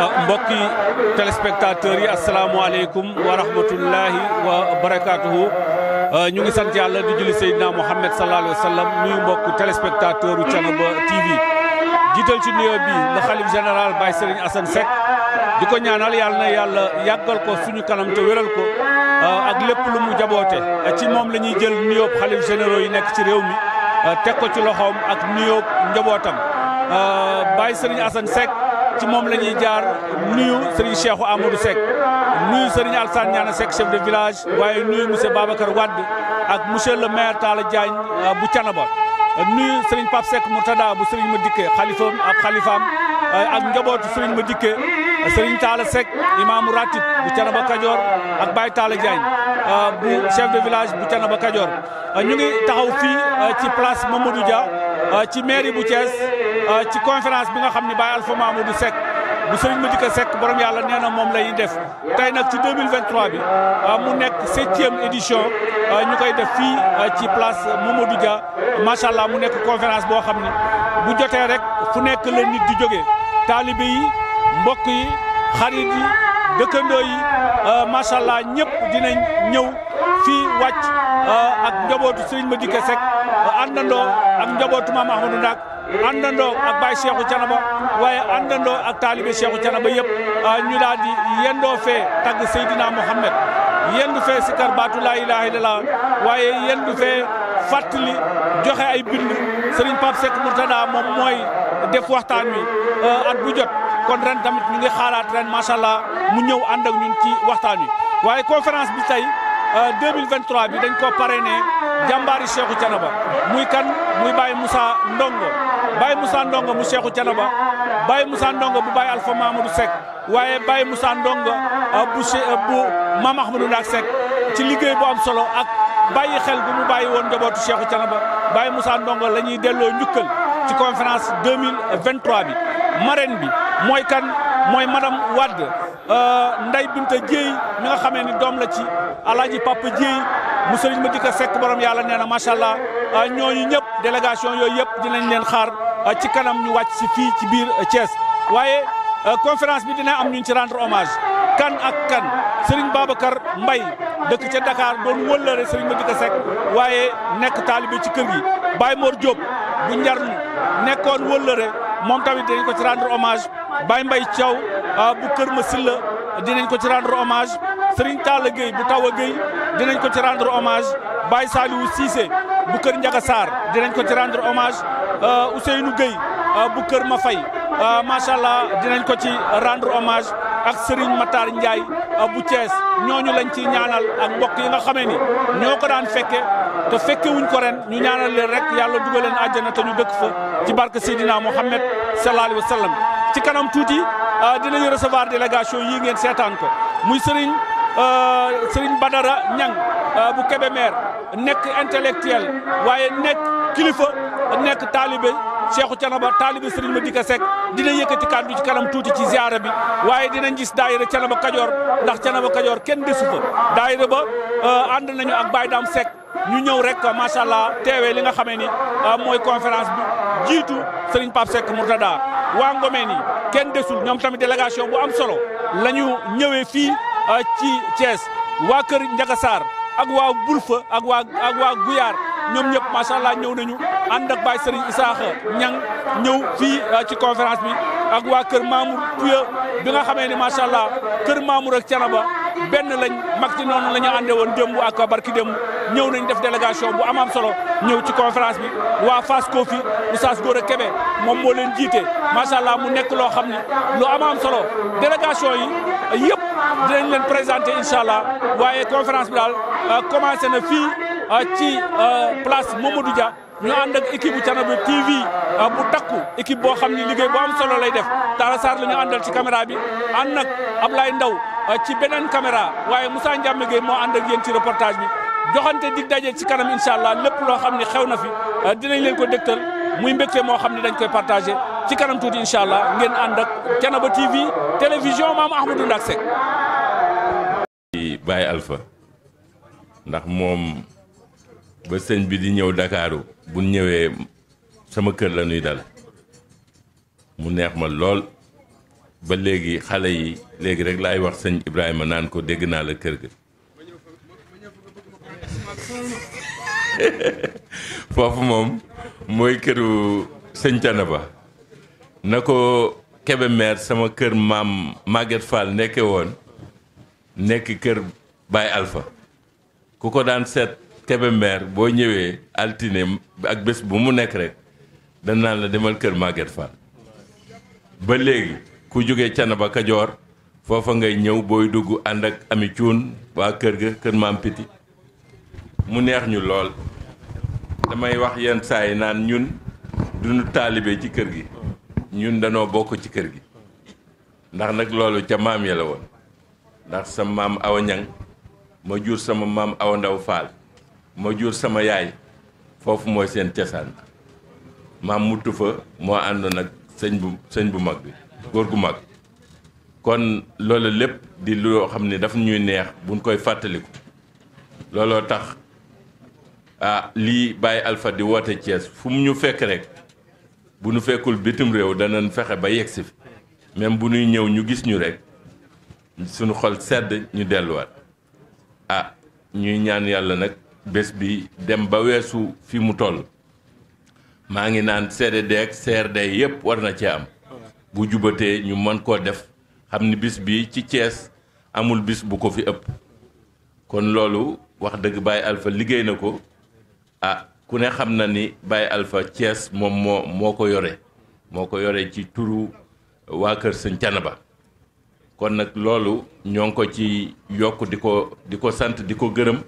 Ah, mbokki téléspectateurs yi asalaamualeykum wa rahmatullahi wa barakaatuhu ah, ñu ngi sant yàlla di julli Seydina Mouhamed sallallahu alayhi wa sallam nuyu mbokk téléspectateur u Thiénaba TV jiital ci nuyoo bi le xalif général Baye seriñ Assane Seck di ko ñaanal yàlla na yàlla yàggal ko suñu kanam te wéral ko ah, ak lépp lu mu jaboote ci moom la ñuy jël nuyoob xalif généraux yi nekk ci réew mi teg ko ci loxoom ak nuyoob njabootam Baye Serigne Assane Seck ci moom la ñuy jaar nuyu sëriñ Cheikhou Amadou Seck nuyu sëriñ Alassane Niane Seck chef de village waaye nuyu monsieur Babacar Wade ak monsieur le maire Talla Diagne euh, bu Thiénaba nuyu sëriñ Pape Seck Murtada bu sëriñ ma dikke xalifaam ak xalifaam euh, ak njabootu sëriñ ma dikke sëriñ Talla Seck imaamu ratib bu Thiénaba Kajoor ak Baye Talla Diagne euh, bu chef de village bu Thiénaba Kajoor ñu ngi taxaw fii ci place Mamadou Dia ci mairie bu Thiès Euh, ci conférence bi nga xam ne Baye Alpha Mamadou Seck bu Serigne Madické Seck borom yàlla nee na moom la lay def tey nag ci 2023 bi euh, mu nekk septième édition euh, ñu koy def fii ci place Mamadou Dia macha allah mu nekk conférence boo xam ne bu jotee rek fu nekk la nit di jógee taalibe yi mbokk yi xarit yi dëkkandoo yi macha allah ñëpp dinañ ñëw fii wàcc ak njabootu Serigne Madické Seck àndandoo ak njabootu maam Ahmadou Ndack àndandoo ak Baye Cheikhou Thiénaba waaye àndandoo ak taalibe Cheikhou Thiénaba yëpp ah, ñu daal di yendoo fee tagg Seydina Mouhamed yendu fee sikar baatu laa ilaaha illallah waaye yendu fee fàttali joxe ay bind Serigne Pape Seck Murtada moom mooy def waxtaan wi ah, at bu jot kon ren tamit ñu ngi xaaraat ren macha allah mu ñëw ànd ak ñun ci waxtaan wi waaye conférence bi tey 2023 ah, bi dañ ko parrainé jàmbaari Cheikhou Thiénaba muy kan muy Baye Moussa Ndongo Baye Moussa Ndongo mu Cheikhou Thiénaba Baye Moussa Ndongo bu Baye Alpha Mamadou Seck waaye Baye Moussa Ndongo euh, bu euh, bu Maam Ahmadou Ndaak Seck ci liggéey bu am solo ak bàyyi xel bu mu bàyyi woon njabootu Cheikhou Thiénaba Baye Moussa Ndongo la ñuy delloo njukkal ci conférence 2023 bi marraine bi mooy kan mooy madame Wade euh, Ndeye Binta Dieye mi nga xamee ni doom la ci alaaji Papa Dieye mu sëriñ ma dikka Seck borom yàlla nee na macha allah Ah, ñooñu ñëpp délégation yooyu yëpp dinañ leen xaar ah, ci kanam ñu wàcc si fii ci biir eh, Thiès waaye eh, conférence bi dina am ñu ci rendre hommage kan ak kan Serigne Babacar mbay dëkk ca Dakar doon wëllëre Serigne Madické Seck waaye nekk taalibe ci kër gi Baye Mor Diop bu njarnu nekkoon wëllëre moom tamit dinañ ko ci rendre hommage Baye Mbaye Thiaw ah, bu kër ma silla dinañ ko ci rendre hommage Serigne Talla Gueye bu a Gueye dinañ ko ci rendre hommage Baye Saliou Cissé bu kër Ndiaga Sarr dinañ ko ci rendre hommage euh, Ousseynou Gueye euh, bu kër ma fay euh, macha allah dinañ ko ci rendre hommage ak Serigne Matar Ndiaye bu Thiès ñooñu lañ ci ñaanal ak mbokk yi nga xamee ni ñoo ko daan fekke te fekke ko ren ñu ñaanal leen rek yàlla dugal leen àjjana te ñu dëkk fa ci barke Seydina Mohamed sallallahu alayhi wa sallam ci kanam tuuti dinañu recevoir délégation yii ngeen seetaan ko muy Serigne. Euh, Serigne Badara Niang euh, bu Kébémer nekk intellectuel waaye nekk kilifa nekk taalibe Cheikhou Thiénaba taalibe Serigne Madika Seck dina yëkkati kàddu ci kanam tuuti ci ziara bi waaye dinañ gis daayira Thiénaba Kajoor ndax Thiénaba Kajoor kenn desu fa daayira ba euh, ànd nañu ak Baye Dame Seck ñu ñëw rek macha allah teewee li nga xamee ni mooy conférence bi jiitu Serigne Pape Seck Mourtada waa Ngomeen ni kenn desul ñoom tamit délégation bu am solo lañu ñëwee fii. ci Thiès waa kër Ndiaga Sarr ak waa Bulfa ak waa ak waa Guyaar ñoom ñëpp macha allah ñëw nañu ànd ak Baye Serigne Isaaxa ñang ñëw fii ci conférence bi ak waa kër Mamour Pouye bi nga xamee ne macha allah kër Mamour ak Thiénaba benn lañ mag ci noonu la ñu àndee woon démb ak barki démb ñëw nañ def délégation bu amaam solo ñëw ci conférence bi waa Fass Kofi Oustaz Gora Kébé moom moo leen jiite macha allah mu nekk loo xam ne lu amaam solo délégation yi yëpp. dinañ leen présenter incha allah waaye conférence bi daal euh, commencé na fii euh, ci euh, place Mamadou Dia ñu ànd ak équipe bu Thiénaba TV bu takku équipe boo xam ni liggéey bu am solo lay def Talla Sarr la ñu àndal ci caméra bi ànd nag Ablaye Ndaw ci beneen caméra waaye Moussa Ndiame Gueye moo ànd ak yéen ci reportage bi joxante dig daje ci kanam incha allah lépp loo xam ne xew na fi dinañ leen ko dégtal muy mbégte moo xam ne dañ koy partagé. ci kanam tuuti incha allah ngeen ànd ak Thiénaba TV télévision maam Ahmadou Ndak Seck. Baye Alpha ndax moom ba sëñ bi di ñëw Dakaaru bu ñëwee sama kër la ñuy dal mu neex ma lool ba léegi xale yi léegi rek laay wax sëñ Ibrahima naan ko dégg naa la kër gi foofu moom mooy këru sëñ Thiénaba na ko Kébémer sama kër maam màgget Fall nekke woon nekk kër baay alfa ku ko daan seet Kébémer boo ñëwee altine ak bés bu mu nekk rek danaan la demal kër màgget Fall ba léegi ku jóge jógee ba Kajoor foofa ngay ñëw booy dugg ànd ak ami cuun waa kër ga kër maam piti mu neex ñu lool damay wax yenn saa yi naan ñun duñu taalibe ci kër gi ñun danoo bokk ci kër gi ndax nag loolu ca maam ya la ndax sa maam awa ñang ma jur sama maam aw ndaw faal ma jur sama yaay foofu mooy seen cosaan maam muttu fa moo ànd nag sëñ bu sëñ bu mag bi góor gu mag kon loolu lépp di loo xam ne daf ñuy neex buñ koy fàttaliku looloo tax ah lii bàyyi Alpha di woote Thiès fu mu ñu fekk rek bu nu fekkul bitim réew danañ fexe ba yegsi fi même bu nuy ñëw ñu gis ñu rek sunu xol sedd ñu delluwaat a ah, ñuy ñaan yàlla nag bés bi dem ba weesu fi mu toll maa ngi naan CDD ak CRD yëpp war na ci am bu jubatee ñu mën koo def xam ni bis bi ci cees amul bés bu ko fi ëpp kon loolu wax dëgg Baye Alpha liggéey na ko a ah, ku ne xam na ni Baye Alpha Thiès moom moo moo ko yore moo ko yore ci turu waa kër sëñ ba kon nag loolu ñoo ngi ko ci yokk di ko di ko sant di ko gërëm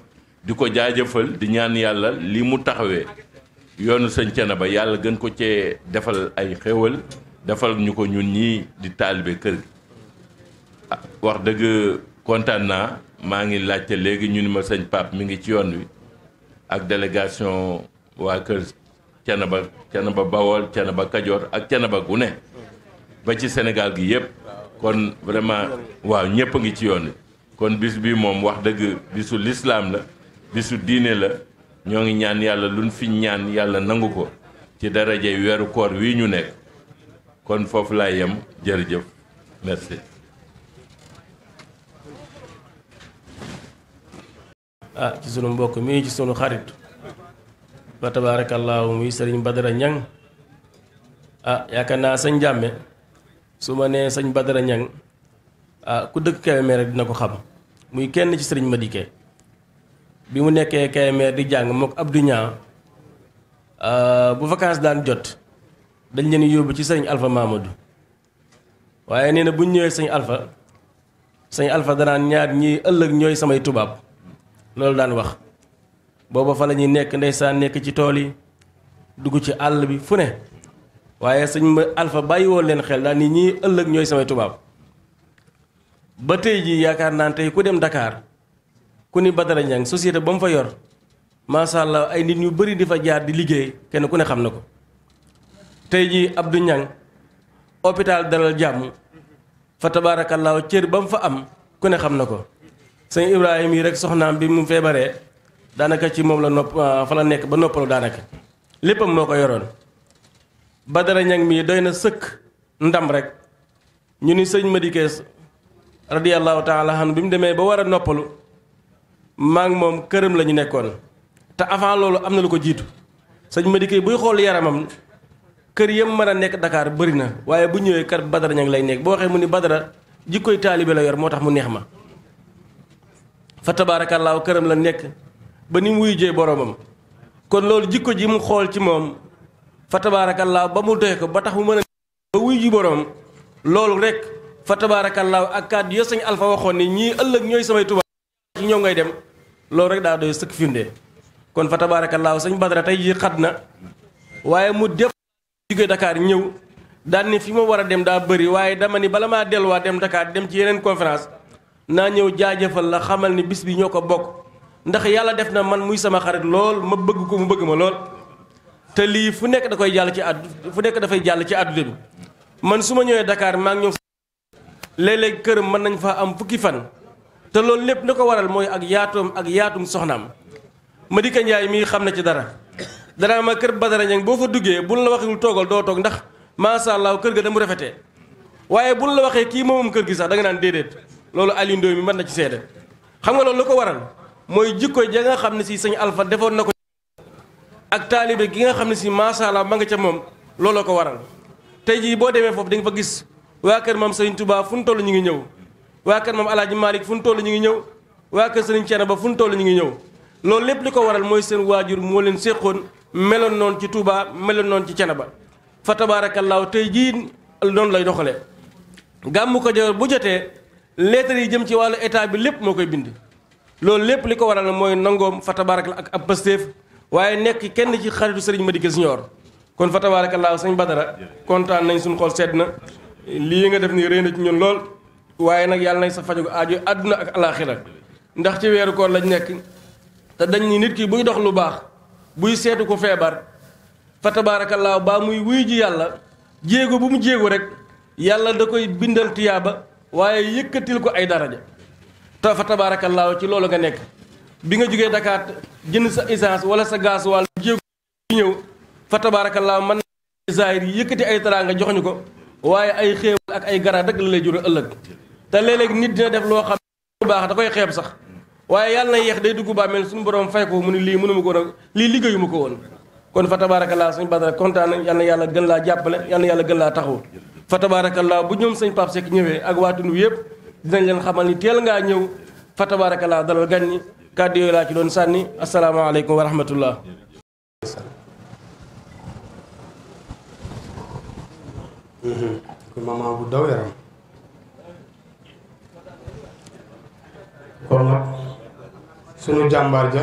di ko jaajëfal di ñaan yàlla li mu taxawee yoonu sëñ ba yàlla gën ko cee defal ay xéwal defal ñu ko ñun ñi di taalibe kër gi ah, wax dëgg kontaan naa maa ngi laajte léegi ñu ni ma sëñ Pape mi ngi ci yoon wi ak délégation waa kër Thiénaba Thiénaba Bawol Kajoor ak Thiénaba gu ne ba ci senegaal gi yépp kon vraiment waaw ñëpp a ngi ci yoon kon bis bi moom wax dëgg bisu lislaam la bisu diine la ñoo ngi ñaan yàlla luñ fi ñaan yàlla nangu ko ci darajey weeru koor wi ñu nekk kon foofu laa yem jërëjëf merci ah ci sunu mbokk mii ci sunu xarit fa tabaarakallaahu muy sëriñ Badara Ñang ah, yaakaar naa sañ Jàmme su ma nee sëñ Badara Ñang ah, ku dëkk Kébémer dina ko xam muy kenn ci sëriñ Madike bi mu nekkee Kébémer di jàng mook Abdou Ñaa ah, bu vacances daan jot dañ leen yóbbu ci sëriñ Alpha Mamadou waaye nee na bu ñëwee sëñ Alpha sëñ Alpha ñaar ñi ëllëg ñooy samay tubaab loolu daan wax booba fa la ñuy nekk ndeysaan nekk ci tool yi dugg ci àll bi fu ne waaye sëñ ma alpha bàyyi woon leen xel daal ni ñii ëllëg ñooy samay tubaab ba tey jii yaakaar naan tey ku dem ndakaar ku ni Badara Niang société ba mu fa yor macha allah ay nit ñu bari di fa jaar di liggéey kenn ku ne xam na ko tey jii Abdou Niang hôpital dalal jàmm fa tabaarakallaahu cër ba mu fa am ku ne xam na ko sëñ Ibrahima yi rek soxnaam bi mu feebaree. daanaka ci moom la nopp euh, fa la nekk ba noppalu daanaka léppam moo ko yoroon Badara Ñang mii doy na sëkk ndam rek ñu ni sëñ Madické radiyallahu taala anhu bi mu demee ba war a noppalu maa ngi moom këram la ñu nekkoon te avant loolu am na lu ko jiitu sëñ ma Madické buy xool yaramam kër yam mën a nekk Dakar bari na waaye bu ñëwee kër Badara Ñang lay nekk boo waxee mu ni Badara jikkoy taalibe la yor moo tax mu neex ma fa tabaarakallaahu këram la nekk ba ni mu wuyjee boromam kon loolu jikko ji mu xool ci moom fa tabaarakallaahu ba mu doy ko ba tax mu mën a ba wuy ji boromam loolu rek fa tabaarakallaahu ak kàddu ya sëñ Alpha waxoon ni ñii ëllëg ñooy samay tubaab ci ñoom ngay dem loolu rek daa doy sëkk firnde kon fa sañ sëñ Badara tey jii xat na waaye mu def jóge Dakar ñëw daan ni fi ma war a dem daa bëri waaye dama ni bala maa delluwaat dem Dakar dem ci yeneen conférence naa ñëw jaajëfal la xamal ni bis bi ñoo ko bokk ndax yàlla def na man muy sama xarit lool ma bëgg ko mu bëgg ma lool te lii fu nekk da koy jàll ci àddu fu nekk dafay jàll ci àdduna bi man su ma ñëwee dakaar maa ngi ñëw këram mën nañ fa am fukki fan te loolu lépp na ko waral mooy ak yaatoom ak yaatum soxnaam Madika Njaay mii xam na ci dara dana ma kër Badara Ñang boo fa duggee bu nu la waxee toogal doo toog ndax macha allah kër ga damu rafete waaye buñ la waxee kii moomam kër gi sax da nga naan déedéet loolu Aliou mi mën na ci seede xam nga loolu lu ko waral. mooy jikko ja nga xam ne si sëñ alfa defoon na ko ak taalibe gi nga xam ne si macha allah ma nga ca moom looloo ko waral tey jii boo demee foofu di nga fa gis waa kër maam Sëriñ Touba fu mu toll ñu ngi ñëw waa kër maam Alaaji Malick fu mu toll ñu ngi ñëw waa kër Sëriñ ba fu mu toll ñu ngi ñëw loolu lépp li ko waral mooy seen waajur moo leen séqoon meloon noonu ci Touba meloon noonu ci ba fa tabaarakallaahu tey jii noonu lay doxale gàmmu ko jor bu jotee lettre yi jëm ci wàllu état bi lépp moo koy bind loolu lépp li ko waral mooy nangoom fa tabarak la ak ab Pastef waaye nekk kenn ci xaritu Serigne Madické Junior kon fa tabarakallah sañ Badara kontaan nañ suñ xol sedd na lii nga def ni rëy na ci ñun lool waaye nag yàlla nañ sa fajagu aajo àdduna ak alaaxira ndax ci weeru koor lañu nekk te dañ ni nit ki buy dox lu baax buy seetu ko feebar fa tabarakallah baa muy wuy ji yàlla jéego bu mu jéego rek yàlla da koy bindal tiyaaba waaye yëkkatil ko ay daraja te fa tabaarakallaahu ci loolu nga nekk bi nga jógee Dakar jënd sa essence wala sa gaz wala jéego ñëw fa tabaarakallaahu man zaahir yi yëkkati ay taraanga jox ñu ko waaye ay xéewal ak ay gara dëgg la lay jural ëllëg te léeg-léeg nit dina def loo xam ne baax da koy xeeb sax waaye yàlla na yeex day dugg bàmmeel suñu borom fay ko mu ne lii mënuma ko woon lii liggéeyu ma ko woon kon fa tabaarakallaa suñu badara kontaan na yal yàlla gën laa jàppale yal yàlla gën laa taxaw fa tabaarakallaa bu ñoom sañ Pape ñëwee ak waa tund yëpp dinañ leen xamal ni teel ngaa ñëw fa tabaarakallaa dalal gan ñi kàddu laa ci doon sànni asalaamaaleykum wa rahmatullah maman jàmbaar ja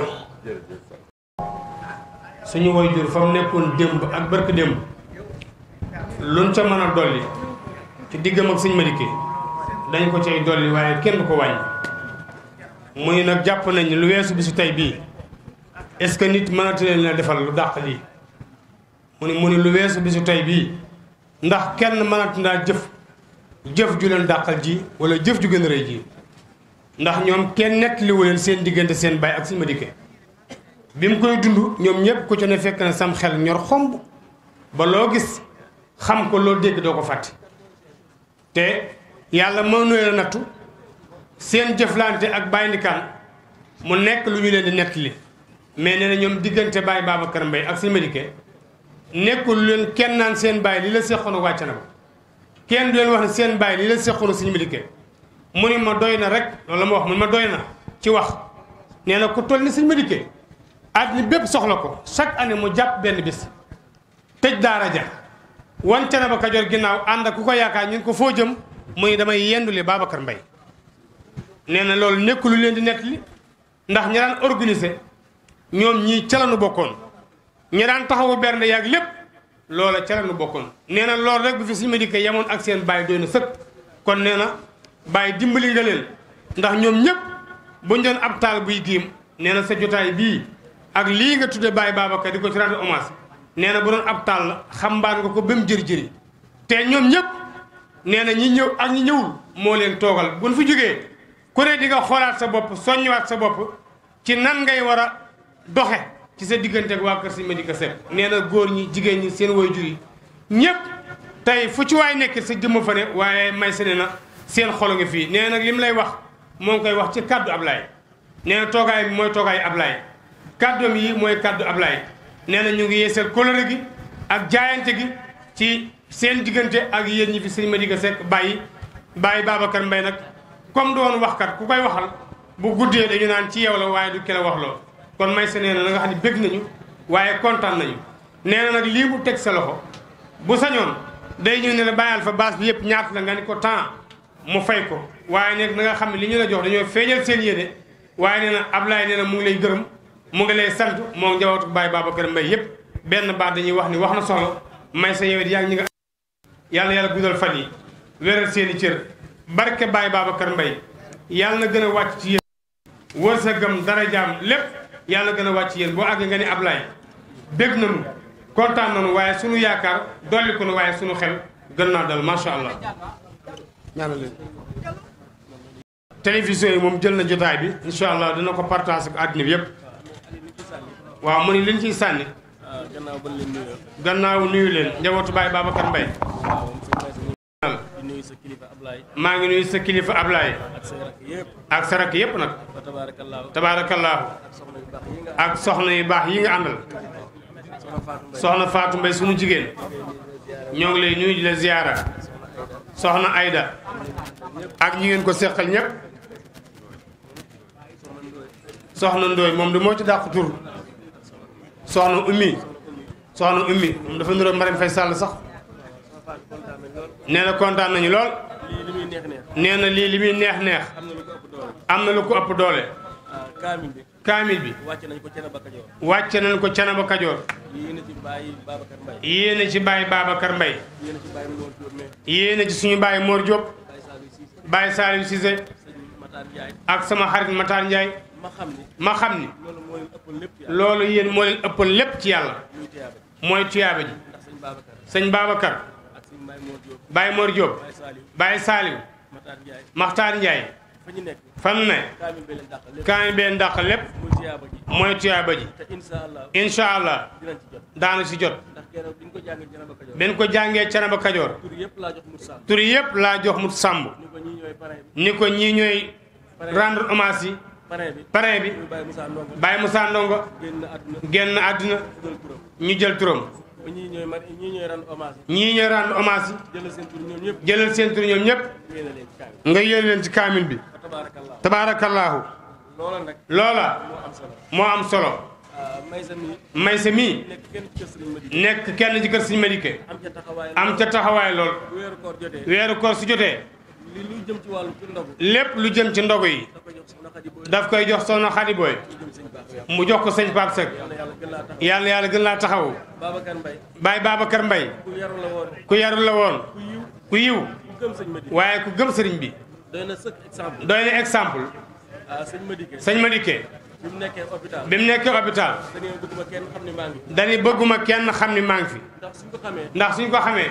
suñu waajur fa mu nekkoon démb ak barke démb luñ ca mën dolli ci diggam ak suñ Madické dañ ko cay dolli waaye kenn du ko wàññi muy nag jàpp nañ lu weesu bisu tey bii est-ce que nit mënati leen la defal lu dàq lii mu ni mu ni lu weesu bisu tey bii ndax kenn mënati naa jëf jëf ju leen dàqal ji wala jëf ju gën a rëy ji ndax ñoom kenn nettaliwu leen seen diggante seen baay ak suñu ma dikkee bi mu koy dund ñoom ñëpp ku ca ne fekk na sam xel ñor xomb ba loo gis xam ko loo dégg doo ko fàtte te yàlla mënu leen a nattu seen jëflante ak Baye Ndikane mu nekk lu ñu leen di nettali mais nee na ñoom diggante Baye Babacar Mbaye ak seen médiqué nekkul leen kenn naan seen baay li la seqoon wàcc na kenn du leen wax ne seen baay li la seqoon suñu médiqué mu ni ma doy na rek loolu ma wax mu ni ma doy na ci wax nee na ko toll ni suñu médiqué àddina bépp soxla ko chaque année mu jàpp benn bis tëj daara ja wan Thiénaba Kajoor ginnaaw ànd ak ko yaakaar ñu ko foo jëm. mu ni damay yendule Babacar mbay nee na loolu nekk leen di nettali ndax ñi daan organiser ñoom ñii ca la nu bokkoon ñi daan taxawu bernde yaag lépp loola ca la bokkoon. nee na loolu rek bu fi suñu médicaux yemoon ak seen bàyyi doy na sëkk kon nee na bàyyi dimbali nga leen ndax ñoom ñëpp buñ doon ab taal buy giim nee na sa jotaay bii ak lii nga tudde Baye Babacar di ko ci rendre hommage nee na bu doon ab taal la xambaan nga ko ba mu jëri jëri te ñoom ñëpp. nee na ñi ñëw ak ñi ñëwul moo leen toogal buñ fi jógee ku ne di nga xoolaat sa bopp soññiwaat sa bopp ci nan ngay war a doxe ci sa diggante ak waa kër Serigne Madicke Seck nee na góor ñi jigéen ñi seen waajur yi ñëpp tey fu ci waay nekk sa jëmm fa waaye may se ne na seen xolo nga fii nee nag lim lay wax moo ngi koy wax ci kàddu Ablaye nee na toogaay bi mooy toogaay Ablaye kàddoom yi mooy kàddu Ablaye nee na ñu ngi yeesal kóllëre gi ak jaayante gi ci seen diggante ak yéen ñi fi sëñ Madické Seck bàyyi bàyyi Babacar mbay nag comme doon waxkat ku koy waxal bu guddee dañu naan ci yow la waaye du ki la wax lool kon may sa nee na nga xam ne bëgg nañu waaye kontaan nañu nee na nag lii mu teg sa loxo bu sañoon day ñëw ne la bàyyal fa baas bi yëpp ñaata la nga ni ko temps mu fay ko waaye nag na nga xam ne li ñu la jox dañoo feeñal seen yéene waaye nee na Ablaye nee na mu ngi lay gërëm mu ngi lay sant moo njabootu Baye Babacar mbay yëpp benn baat dañuy wax ni wax na solo may sa yow it yaa yàlla yàlla guddal fan yi wéral seen i cër barke Baye Babacar yàlla na gën a wàcc ci yéen wërsëgam darajaam lépp yàlla na gën a wàcc ci yéen boo àggee nga ni Ablaye bég nañu kontaan nañu waaye sunu yaakaar dolli ko nu waaye sunu xel gën naa dal macha allah. ñaanal leen. yi moom jël na jotaay bi incha allah dina ko partage ak àddina bi yëpp waaw mu ni liñ ciy sànni. gannaaw ba leen nuyu leen njabootu Baye Babacar Mbaye. maa ngi nuyu sa kilifa Ablaye. ak sa rakk yëpp. nag. tabaarakallaahu. ak soxna yu baax yi nga àndal. soxna Fatou Mbaye sunu jigéen. ñoo ngi la ziyaara. soxna Ayda. ak ñi ngeen ko seqal ñëpp. soxna Ndoye moom du moo ci dàq soxna ummi soxna ummi moom dafa niroon Marème Faye Sall sax nee na kontaan nañu lool nee na lii li muy neex neex am na lu ko ëpp doole kaamil bi kaamil bi wàcce nañ ko Canaba Kajoor wàcce nañ ko Canaba Kajoor yéena ci bàyyi Babacar Mbaye yéena ci bàyyi Babacar ci suñu bàyyi Mor Diop bàyyi Saliou Cissé ak sama xarit Matar Ndiaye ma xam ni loolu yéen moo leen lépp ci yàlla mooy tuyaaba ji sëñ Babacar Baye Mor Diop Baye Saliou Makhtar Ndiaye fa mu ne kaami bee ndàq lépp mooy tuyaaba ji incha allah daanu si jot benn ko jàngee Canaba Kajoor tur yëpp laa jox mut sàmb ni ko ñii ñooy rendre hommage yi parrain bi parrain bi Baye Moussa Ndongo génn àdduna ñu jël turam. ñii ñooy man ñii ñooy rendre hommage. ñii ñooy rendre hommage. jëlal seen tur ñoom ñëpp jëlal seen tur ñoom ñëpp. nga yéene leen ci kaamil bi. tabaarakallaahu. loola nag. loola moo am solo. Ah, Maysa mii. Maysa mii. nekk kenn ci kër Sëriñ Madike. am ca taxawaay lool. weeru koor su jotee. lépp lu jëm ci ndogu yi daf koy jox soxna Xadi Booy mu jox ko sëñ Pape Seck yàlla yàlla gën laa taxaw baay Babacar Mbay ku yaru la woon ku yiw waaye ku gëm sëriñ bi doy na exemple ah, sëñ Madike bi mu nekkee hôpital. bi mu nekkee hôpital. dañuy bëgguma kenn xam ni maa ngi fi. dañuy bëgguma kenn xam ni maa ngi fi. ndax suñ ko xamee. ndax suñ ko xamee.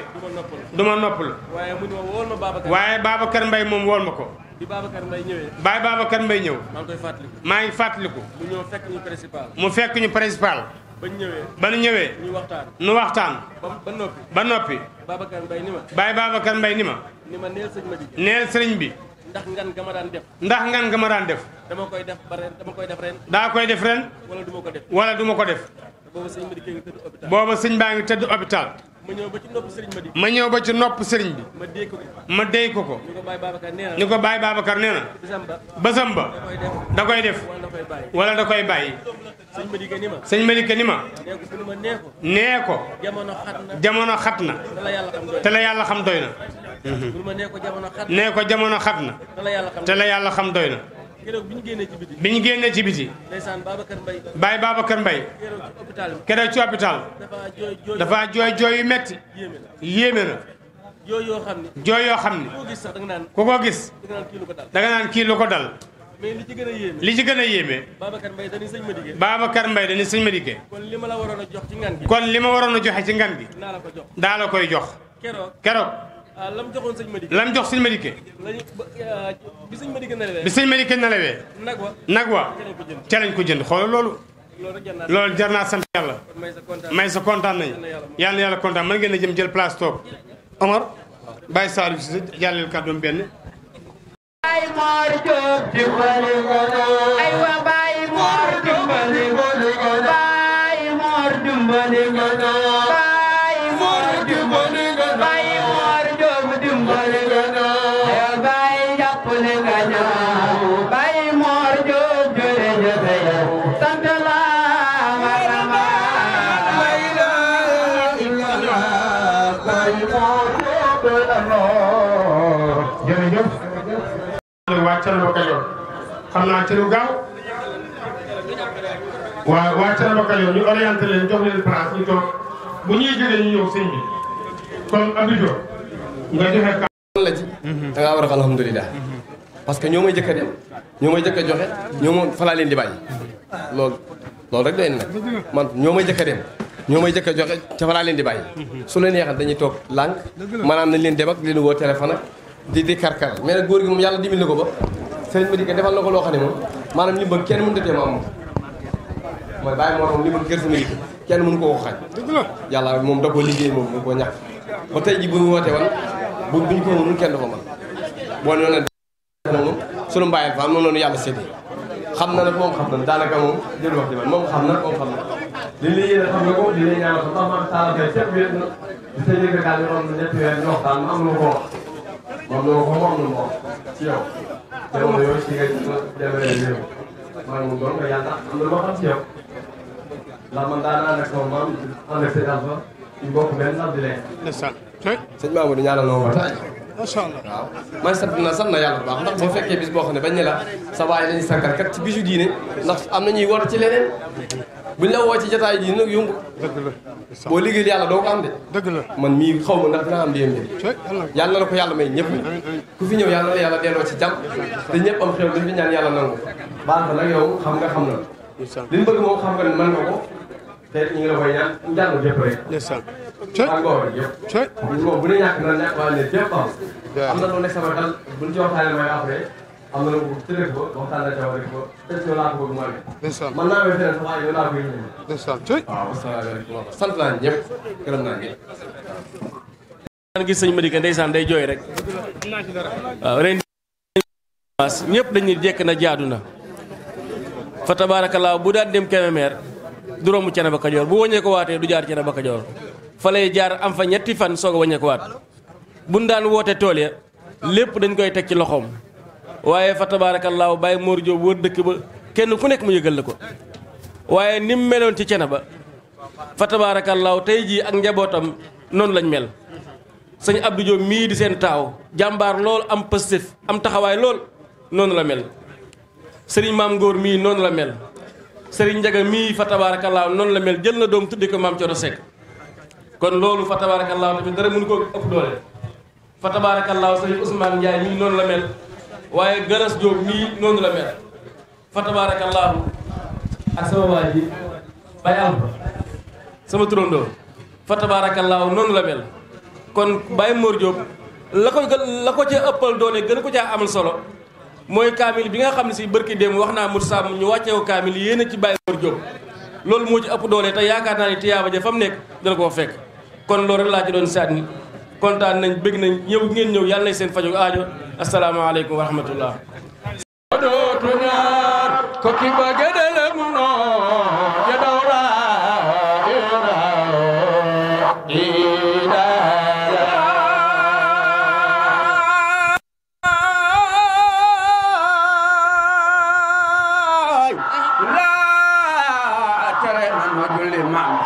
du ma noppalu. waaye mu ne ma wool ma Babacar. waaye Babacar moom wool ma ko. bi Babacar Mbaye ñëwee. bàyyi Babacar Mbaye ñëw. maa ngi koy maa ngi fàttaliku. mu ñëw fekk ñu principal. mu fekk ñu principal. ba ñu ñëwee. ba ñu ñëwee. ñu waxtaan. ñu waxtaan. ba noppi. ba noppi. Babacar Mbaye ni ma. bàyyi Babacar Mbaye ni ma. ni ma neel sëriñ bi. ndax ngan nga ma daan def. ndax ngan nga ma daan def. dama koy def ba dama koy def ren. daa koy def ren. wala du ko def. wala du ma ko def. booba sëñ bi sëñ baa ngi tëdd hôpital. ma ñëw ba ci nopp sëriñ bi. ma ñëw ba ci nopp sëriñ bi. ma déy ko ko. ma déy ko ko. ñu ko Baye Babacar nee na. ñu ko Baye Babacar nee na. bésam ba. da koy def. wala da koy bàyyi. sëñ Malika ni ma. sëñ Malika ni ma. nee ko. nee ko. jamono xat na. xat na. te la yàlla xam doy na. Mm-hmm. nee ko jamono xat na te la yàlla xam doy na keroog bi ñu génnee ci biti bi ñu génnee ci biti ndeysaan Babacar Mbaye Baye Babacar Mbaye keroog ci hôpital dafa jooy jooy yu metti yéeme na jooy yoo xam ne jooy yoo xam ne ku ko gis danga naan kii lu ko dal mais li ci gën a yéeme li ci gën a yéeme. Babacar Mbaye dañuy sëñ Madické. Babacar Mbaye dañuy sëñ Madické. kon li ma la waroon a jox ci ngan gi. kon li ma waroon a joxe ci ngan gi. daa la ko koy jox. keroog. Euh, lam joxoon sëñ Madické. lam jox sëñ Madické. Euh, bi sëñ Madické nelawee. nelawee. nag wa nag wa ko jënd xoolal loolu. loolu jar naa sant yàlla. may sa kontaan nañu. yàlla na yàlla kontaan mën ngeen a jëm jël place toog. Omar bàyyi saa yu si jàllale kàddoom benn. Kajoor xam naa ci lu ñu orienté leen jox leen mhm. mhm. parce que ñoo may jëkk dem ñoo may jëkk joxe ñoo ma falaa leen di bàyyi mhm. loolu loolu rek man ñoo may jëkk ñoo may jëkk a joxe ca falaa leen di bàyyi su leen neexal dañuy toog lànk maanaam nañ leen dem ak leen woo téléphone ak di di karkar mais nag góor gi moom yàlla dimbali na ko ba sëriñ Madické defal na ko loo xam ne moom maanaam li mu bëgg kenn mënut a téye moom mooy bàyyi moo tax li mu bëgg kër si Madické kenn mënu koo xañ yàlla moom da koo liggéey moom mu ko ñàkk ba tey ji bu ñu wootee wan bu buñ ko mënul kenn du ko mën boo ñoo ne noonu sunu mbayal fa moom noonu yàlla séddi xam na nag moom xam na daanaka moom jël wax di man moom xam na moom xam na li li yéene xam nga ko li lay ñaanal sax maam taala fee ceeb wéet na di sa yëkkataal ñu am ñetti weer ñu waxtaan am lu ko wax moom la ko moom la ci yow jamono yooyu si nga demee réew man moom doon nga yàlla am na lu ma xam ci yow ndax man daan naa nekk moom maam en excédent ba ñu bokk benn ndax di leen. sëñ Mamadou ñaanal na ma taaj. macha allah waaw man sant na sant na yàlla bu baax ndax boo fekkee bis boo xam ne bañ ne la sa waay lañu sànqal kat ci bisu diine ndax am na ñuy war ci leneen. buñ la woo ci jotaay ji nag yëngu. dëgg la yàlla doo ko am de. man mii xaw ma ndax dinaa am déem déem. yàlla na ko yàlla may ñëpp ku fi ñëw yàlla na yàlla delloo ci jàmm te ñëpp am xew dañ fi ñaan yàlla nangu. baax na nag yow xam nga xam na. bëgg moom xam nga ni mën nga te ñu ngi la koy ñaan ñu jàll jëpp rek. incha allah. bu dee ñàkk na ñàkk am na ko tëddee ko ba day jooy rek. waaw ren dañuy jekk na jaadu na fa tabaarakallaa bu daan dem Kébémer du romb Thiénaba Kajoor bu wàññee ko waatee du jaar Thiénaba Kajoor fa lay jaar am fa ñetti fan soog a wàññee ko waat buñ daan woote tool ya lépp dañ koy teg ci loxoom. waaye fa tabaarakallaahu Baye Mor Diop wër dëkk ba kenn ku nekk mu yëgal la ko waaye ni mu meloon ci cene ba fa tabaarakallaahu tey jii ak njabootam noonu lañ mel sëñ Abdou Diop mii di seen taaw jàmbaar lool am pëstif am taxawaay lool noonu la mel sëriñ maam ngóor mii noonu la mel sëriñ Njaga mii fa tabaarakallaahu noonu la mel jël na doom tuddi ko maam Coro Seck kon loolu fa tabaarakallaahu tamit dara mënu ko ëpp doole fa tabaarakallaahu sëriñ Ousmane waaye Garas Diop mii noonu la mel fa ak sama waa ji bay am sama turandoo fa noonu la mel kon Baye Mor Diop la ko la ko ca ëppal doole gën ko caa amal solo mooy kaamil bi nga xam ne si bërki démb wax naa sàmm ñu wàccee ko kaamil yéen ci Baye Mor Diop loolu moo ci ëpp doole te yaakaar naa ne tiyaaba ja fa mu nekk dana koo fekk kon loolu rek laa ci doon sànni kontaan nañ bég nañ ñëw ngeen ñëw yàlla nañ seen fajog aajo asalaamaaleykum wa rahmatullah dootu ñaar ko ki ba gëdale mu noo ya daw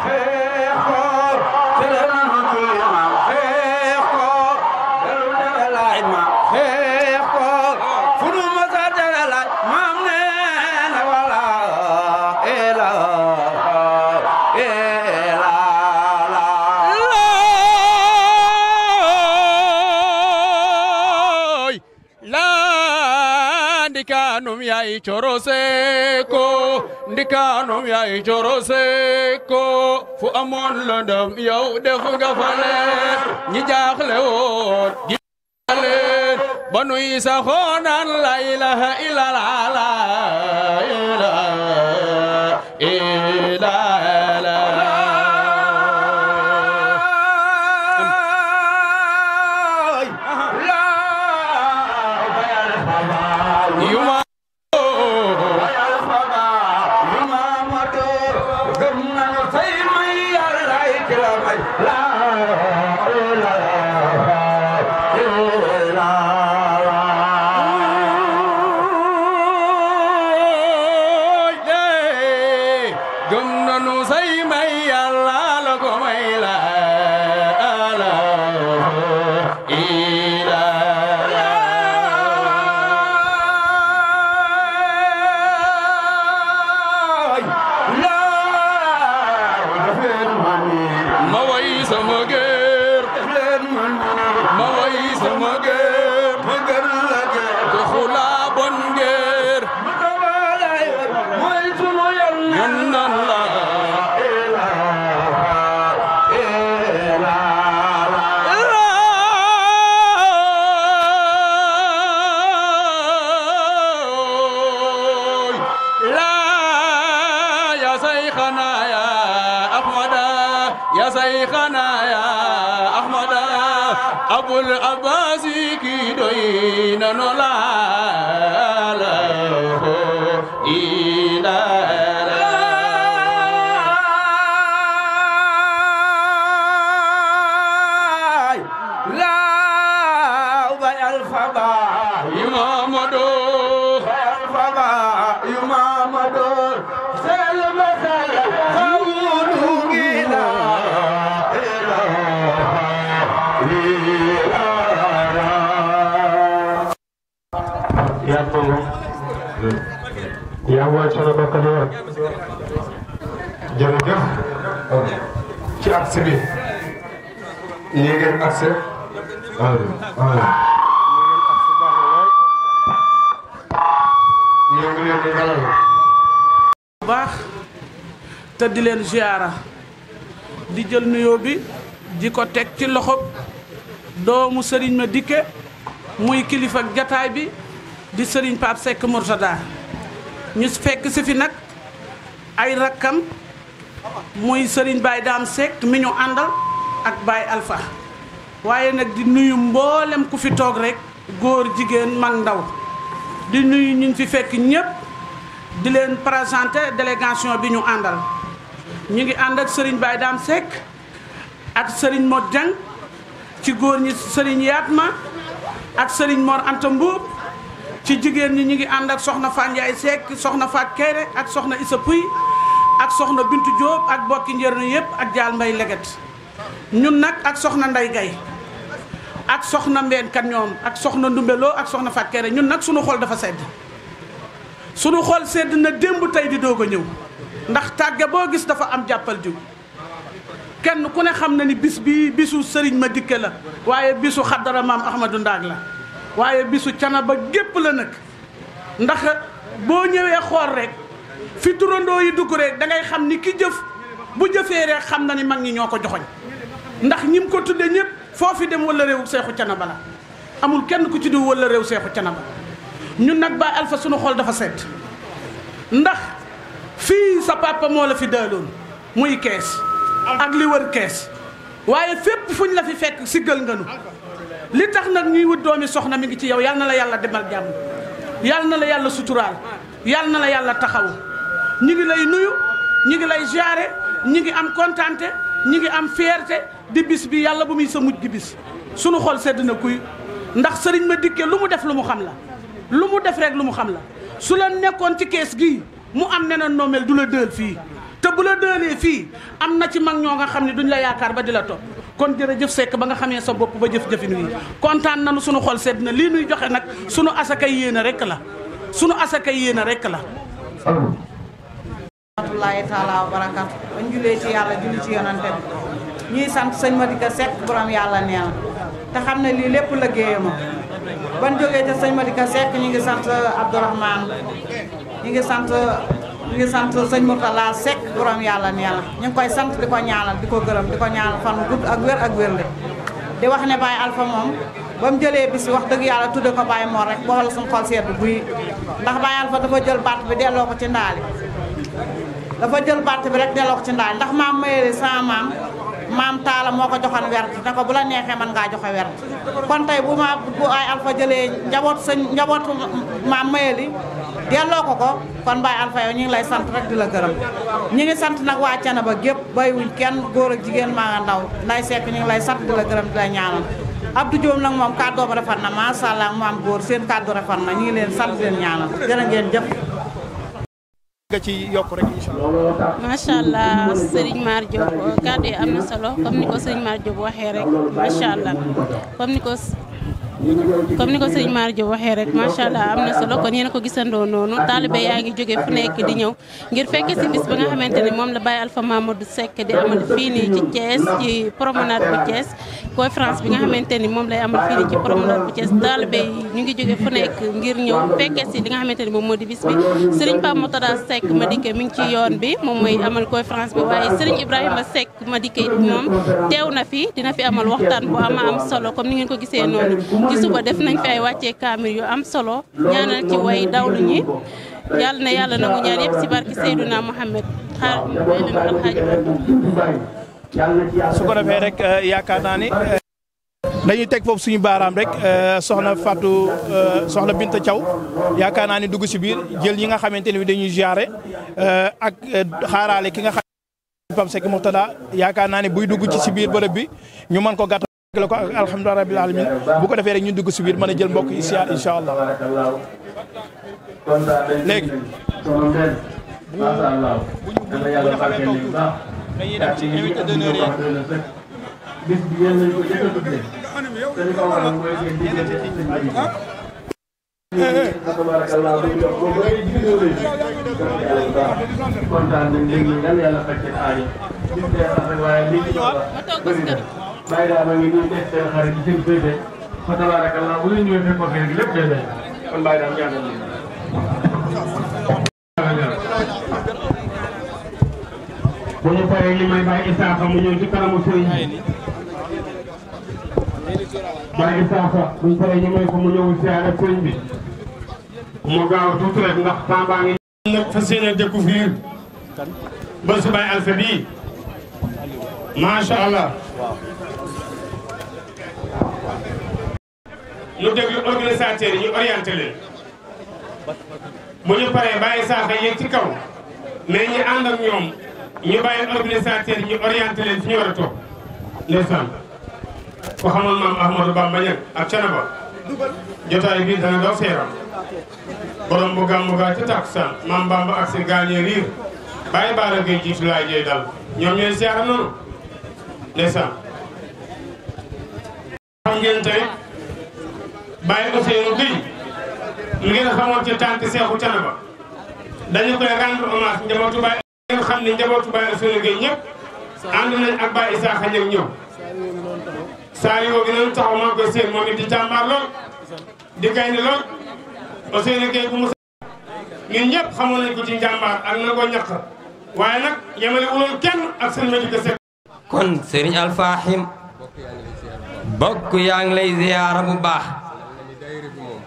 Hey! yayi corose ndikaanum yayi corose ko fu amoon lëndëm yow def nga fale ñi jaaxle woon gi leen ba nuy saxoo naan la ilaha illa si biir ah ah di dalal bu baax te di leen di jël nuyoo bi di ko teg ci loxob doomu sëriñ ma dikke muy kilifa jataay bi di sëriñ Pape Seck Mourtada ñu fekk si fi nag ay rakkam muy sëriñ baay Dame Seck mi ñu àndal ak baay alfa waaye nag di nuyu mboolem ku fi toog rekk góor jigéen mag ndaw di nuyu ñu fi fekk ñépp di leen présenter délégation bi ñu àndal ñu ngi ànd ak sëriñ Baye Dame Seck ak sëriñ Modou Dieng ci góor ñi sëriñ ma ak sëriñ Mor Anta Mbuub ci jigéen ñi ñu ngi ànd ak soxna Fandiaye Seck soxna Faat Kéré ak soxna Issa Pouy ak soxna Bintu Diop ak bokki njëriñ yëpp ak jaal mbay leget ñun nag ak soxna nday gay ak soxna mbeen kan ñoom ak soxna ndumbeloo ak soxna fàtkeere ñun nag suñu xol dafa sedd suñu xol sedd na démb tey di doog a ñëw ndax tàgge boo gis dafa am jàppal jiw kenn ku ne xam na ni bis bi bisu sëriñ ma dikke la waaye bisu xaddara maam ahmadou ndaag la waaye bisu cana ba gépp la nag ndax boo ñëwee xool rek fi turandoo yi dugg rek xam ni ki jëf bu jëfee rek xam na ni mag ñi ñoo ko joxoñ ndax ñi mu ko tudde ñëpp foofi dem wala réewu seexu canabal amul kenn ku ci di walla réew seexu canaba ñun nag ba alfa sunu xol dafa sedd ndax fii sa papa moo la fi daaloon muy kees ak li wër kees waaye fépp fuñ la fi fekk siggal nga nu li tax nag ñuy wut doomi soxna mi ngi ci yow yal na la yàlla demal jàmm yal na la yàlla suturaal yal na la yàlla taxaw ñu ngi lay nuyu ñu ngi lay ziare ñu ngi am kontaante ñu ngi am fierté di bis bi yàlla bu muy sa mujj gi bis sunu xol sedd na kuy ndax sëriñ ma dikkee lu mu def lu mu xam la lu mu def rek lu mu xam la su la nekkoon ci kees gii mu am neneen noomeel du la dël fii te bu la dëlee fii am na ci mag ñoo nga xam ne duñu la yaakaar ba di la topp kon jëf sekk ba nga xamee sa bopp ba jëf jëfin wi kontaan nañu sunu xol sedd na lii nuy joxe nag sunu asakay yéene rek la sunu asakay yéene rek la rahmatullahi taala wa barakaatu bañ julee ci yàlla julli ci yonante bi ñuy sant sëñ Madika Seck borom yàlla neel te xam ne lii lépp liggéeyam ban jógee ca sëñ Madika Seck ñi ngi sant Abdourahmane ñi ngi sant ñi ngi sant sëñ Mourtala Seck borom yàlla neel ñu ngi koy sant di ko ñaanal di ko gërëm di ko ñaanal fan gudd ak wér ak de di wax ne Baye Alpha moom ba mu jëlee bis wax dëgg yàlla tudde ko Baye Mor rek boobu la suñu xol sedd buy ndax Baye Alpha dafa jël baat bi delloo ko ci ndaali dafa jël bant bi rek delloo ko ci ndaa ndax maam mayeli sama maam taala moo ko joxaan wert ne ko bu la neexee man ngaa joxe wert kon tey bu ma bu ay alfa jëlee njaboot sa njabootu maam mayeli delloo ko ko kon baay alfa yow ñu ngi lay sant rek di la gërëm ñu ngi sant nag waa Thiénaba gépp bayiwuñ kenn góor ak jigéen maa nga ndaw nday sekk ñu ngi lay sant di la gërëm di la ñaanal Abdou Diom nag moom kàddoom rafet na maa allah maam góor seen kàddu rafet na ñu ngi leen sant leen ñaanal jërë ngeen jëf nga ci yokk rek incha allah. macha allah Serigne Mar Diop kàddu yi am na solo comme ni ko Serigne Mar Diop waxee rek macha allah comme comme ni ko sëñ Mar Diop waxee rek macha allah am na solo kon yéen a ko gisandoo noonu taalibe yaa ngi jóge fu nekk di ñëw ngir fekke si bis ba nga xamante ne moom la Baye Alpha Mamadou Seck di amal fii nii ci Thiès ci xamante ni moom lay amal fii nii ci promenade bu Thiès taalibe yi ñu ngi jóge fu nekk ngir ñëw fekke si li nga xamante ni moom moo di bis bi sëriñ Pape Motoda Seck Madické mi ngi ci yoon bi moom mooy amal conférence bi waaye sëriñ Ibrahima Seck Madické moom teew na fi dina fi amal waxtaan bu ama am comme ni ngeen ko gisee ci suba def nañ fi ay wàccee yu am solo ñaanal ci way dawlu ñi yàlla na yàlla nangu ñaan yëpp si barki Seydouna Mohamed xaar rek euh, yaakaar naa ni euh, dañuy teg foofu suñu baaraam rek euh, soxna Fatou soxna Binta caw yaakaar naa ni dugg si biir jël ñi nga xamante ne bi dañuy jaare ak ki nga xam Pape Seck Mourtada yaakaar naa ne buy dugg ci si biir bërëb bi ñu mën ko gàtt la ko ak alhamdulilah ko defee ñu dugg si biir mën a jël mbokk léegi a bàyyi daal ma ngi ñuy teg seen xarit ci seen féete fa tabarakallah bu leen ñëwee fekk may bàyyi mu ñëw ci kanamu sëriñ bi ñu bi mu gaaw tuuti rek ndax temps ngi nag fas yéene découvrir ba su bàyyi alfa bii macha allah ñu déglu organisateurs yi ñu orienté leen bu ñu paree bàyyi saaka ci kaw mais ñi ànd ak ñoom ñu bàyyi organisateurs yi ñu orienté leen fi ñu war a toog ndeysaan ko xamoon maam Ahmadou Bamba ñag ak Canaba jotaay bii dana daw seeram borom bu gàmmu gaa ci takkusaan maam Bamba ak si gaañee riir bàyyi baara ngay jiitu laay jooy dal ñoom ñooy siyaara noonu ndeysaan xam ngeen bàyyi Ousseynou Gueye li ngeen xamoon ci tànk Seexu Canaba dañu koy rendre hommage njabootu Baye ngeen xam ne njabootu Baye Ousseynou Gueye ñëpp ànd nañ ñëw ñëw saa yoo gi noonu taxaw maa koy seen moom it di jàmbaar lool di gaynde lool Ousseynou Gueye bu mu ñun ñëpp xamoon nañ ko ci njàmbaar ak na ko ñàkk waaye nag yemale wuloon kenn ak seen médico sec kon Serigne Alfahim bokk yaa ngi lay ziyaara bu baax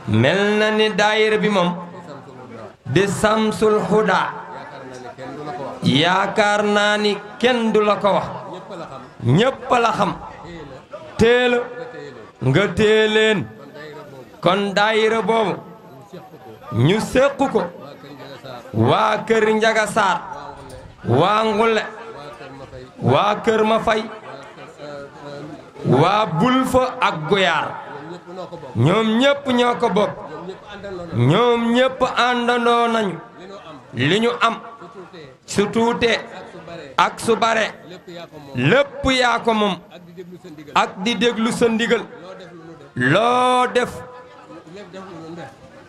mel na ni daayira bi moom di samsul huda yaakaar naa ni kenn du la ko wax ñépp la xam téela nga téeleen kon daayira boobu ñu séq ko waa kër Njaga waa Ngule waa kër Mafay waa Bulfa ak Goyaar ñoom ñëpp ñoo ko bokk ñoom ñëpp àndandoo nañu li ñu am su tuute ak su bare lépp yaa ko moom ak di déglu sa ndigal loo def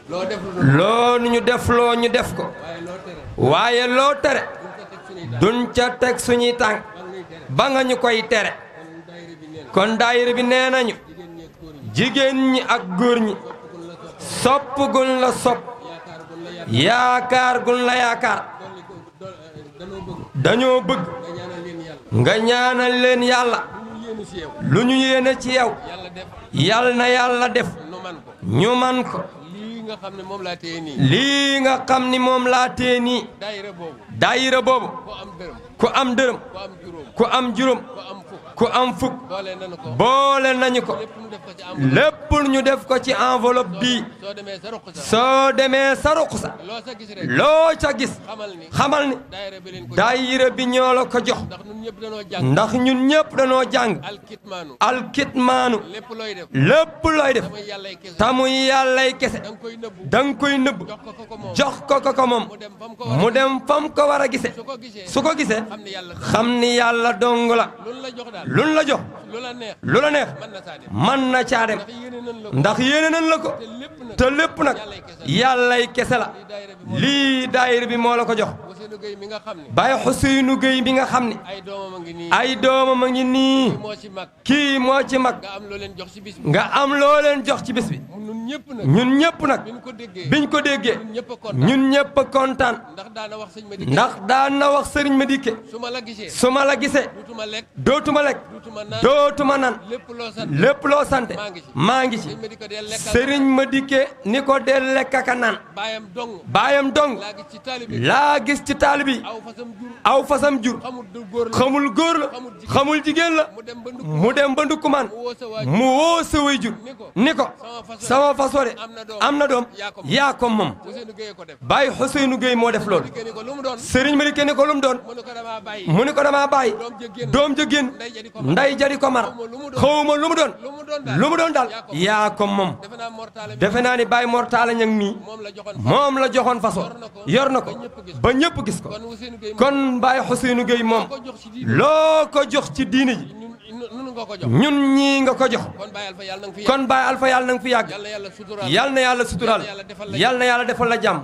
loo nu ñu def loo ñu def ko waaye loo tere duñ ca teg suñuy tànk ba nga ñu koy tere kon daayira bi jigéen ñi ak góor ñi sopp gun la sopp yaakaar gun la yaakaar dañoo bëgg nga ñaanal leen yàlla lu ñu yéene ci yow yàlla na yàlla def ñu man ko lii nga xam ni moom laa téye nii daayira boobu ku am dërëm ku am juróom ku am fukk boole nañu ko lépp ñu def ko ci enveloppe bi soo demee sa ruq sa loo ca gis xamal ni daayira bi ñoo la ko jox ndax ñun ñëpp danoo jàng alkitmaanu lépp looy def tamuy yàllay kese da nga koy nëbb jox ko ko ko moom mu dem fam ko war a gise su ko gisee xam ni yàlla dong la luñ la jox lu la neex mën na caa ndax yéene nañ la ko te lépp nag yàllay kese la lii daayira bi moo la ko jox Ousseynou Gueye mi nga xam ne. Baye Ousseynou mi nga xam ne. ay doomam a ngi nii. ay a kii moo ci mag. kii moo ci mag. nga am loo leen jox ci bis bi. am loo leen jox ci bis bi. ñun ñëpp nag. ñun ñëpp nag. biñ ko déggee. biñ ko déggee. ñun ñëpp kontaan. ndax daan na wax sëriñ Madické. ndax daan na wax sëriñ Madické. su ma la gisee. su ma la gisee. dootuma lekk. dootuma lekk. dootuma naan. lépp loo sant. lépp loo sant. maa ngi ci. sëriñ Madické ni ko dee lekk ak a naan. baayam dong. baayam dong. laa gis ci taalibe yi aw fasam jur xamul góor la xamul jigéen la mu dem ba ndukkumaan mu woo sa way jur ni ko sama fas wa de am na doom yaa ko moom bàyyi Ousseynou Gueye moo def loolu sëriñ Malike ni ko lu mu doon mu ni ko damaa bàyyi doom ja génn nday jari ko mar xawuma lu mu doon lu mu doon daal yaa ko moom defe naa ni bàyyi mortaala ñang mii moom la joxoon faso yor na ko ba ñëpp gis ko kon Baye Ousseynou géey moom loo ko jox ci diini ji ñun ñii nga ko jox kon Baye Alpha yàlla na nga fi yàgg yàlla na yàlla suturaal yàlla na yàlla defal la jàmm.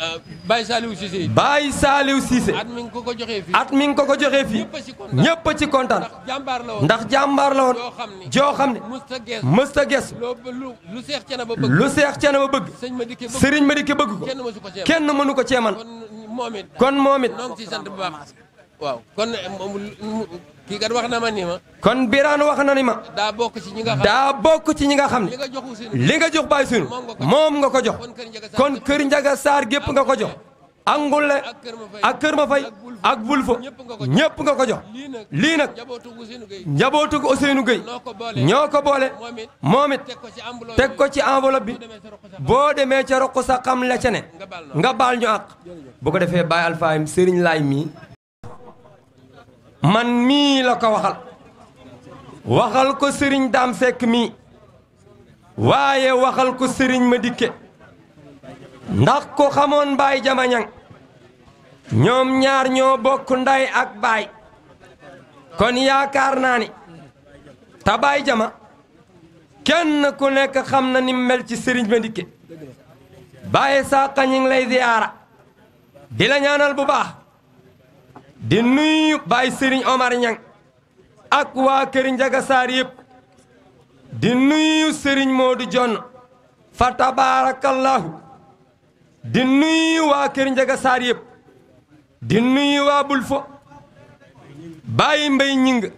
Euh, Baye Saliou Cissé. Baye Saliou Cissé. at mi ngi ko ko joxee fii. at mi ngi ko ko joxee fii. ñëpp a ci kontaan. ndax jàmbaar la woon. ndax jàmbaar la woon. joo xam ne. mësta ges lu seex cee na ba bëgg. lu seex cee na ba bëgg. sëñ Madické bëgg sëriñ Madické bëgg ko. kenn mënu ko ceeman. kon moom it. noo ngi sant bu baax waaw eh, kii kat wax na ma ni ma. kon Birane wax na ni ma. daa bokk ci ñi nga xam daa bokk ci ñi nga xam ne. li nga jox li nga jox Baye Sunu moom nga ko jox. kon Kër Ndiaga saar gépp nga ko jox. ak Ngule ak Kër Mafay ak Bulfa ñëpp nga ko jox. lii nag njabootu Ousseynou Gueye ñoo ko boole moom teg ko ci enveloppe bi boo demee ca roq sa xam la ca ne nga baal ñu àq. bu ko defee Baye Alfayim sëriñ Laye mii. man mii la ko waxal waxal ko sëriñ daam sekk mii waaye waxal ko sëriñ ma dikke ndax ko xamoon baay jamañang ñoom ñaar ñoo bokk nday ak baay kon yaakaar naa ni te baay jama kenn ku nekk xam na ni mel ci sëriñ ma dikke bàyyi saaqa ñi ziyaara di ñaanal bu baax di nuyu Baye Serigne Omar Niang ak waa Kër Njaga Saar yëpp di nuyu Serigne Modou Jonn fa tabarakallahu di nuyu waa Kër Njaga Saar yëpp di nuyu waa Bulfo Baye Mbay Ñing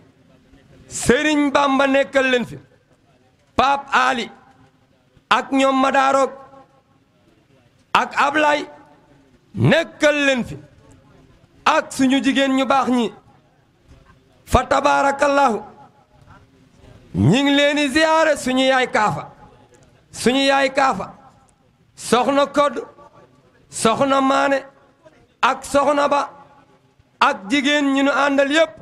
sëriñ Bamba nekkal leen fi Pape Ali ak ñoom Madaroog ak Ablay nekkal leen fi ak suñu jigéen ñu baax ñi fa tabaarakallahu ñi ngi leen di ziyaare suñu yaay kaafa suñu yaay kaafa soxna kodd soxna maane ak soxna ba ak jigéen ñi nu àndal yépp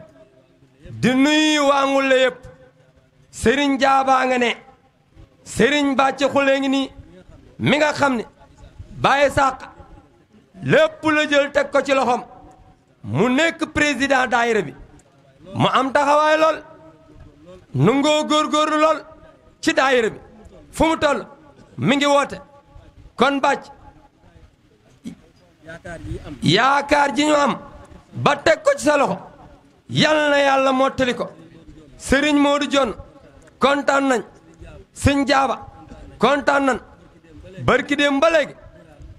di nuyu waangul la yépp sëriñ jaabaa nga ne sëriñ bàcce xule ngi nii mi nga xam ne bàyyi sàq lépp la jël teg ko ci loxoom mu nekk président daayira bi mu am taxawaay lool nungoo góorgóorlu lool ci daayira bi fu mu mi ngi woote kon bàcc yaakaar ji ñu am ba teg ko ci sa yal na yàlla mottali ko Serigne Modou jon kontaan nañ Sëñ Jaaba kontaan nañ barki dem ba léegi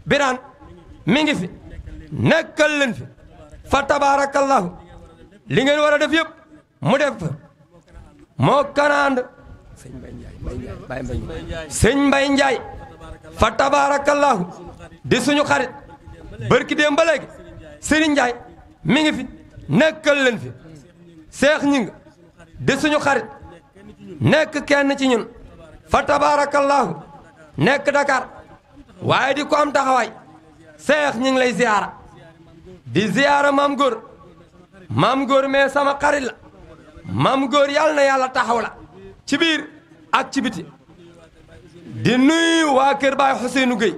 Birane mi ngi fi nekkal leen fi fa tabaarakallahu li ngeen war a def yëpp mu def moo kanaand sëñ Mbay Njaay fa tabaarakallahu di suñu xarit barki déem ba Sëriñ Njaay mi ngi fi nekkal leen fi seex ñi di suñu xarit nekk kenn ci ñun fa tabaarakallahu nekk Dakar waaye di ko am taxawaay seex ñi ngi lay ziyaara di ziyaara maam góor maam góor mais sama xarit la maam góor yàlla na yàlla taxaw la ci biir ak ci biti di nuyu waa kër baay Ousseynou Gueye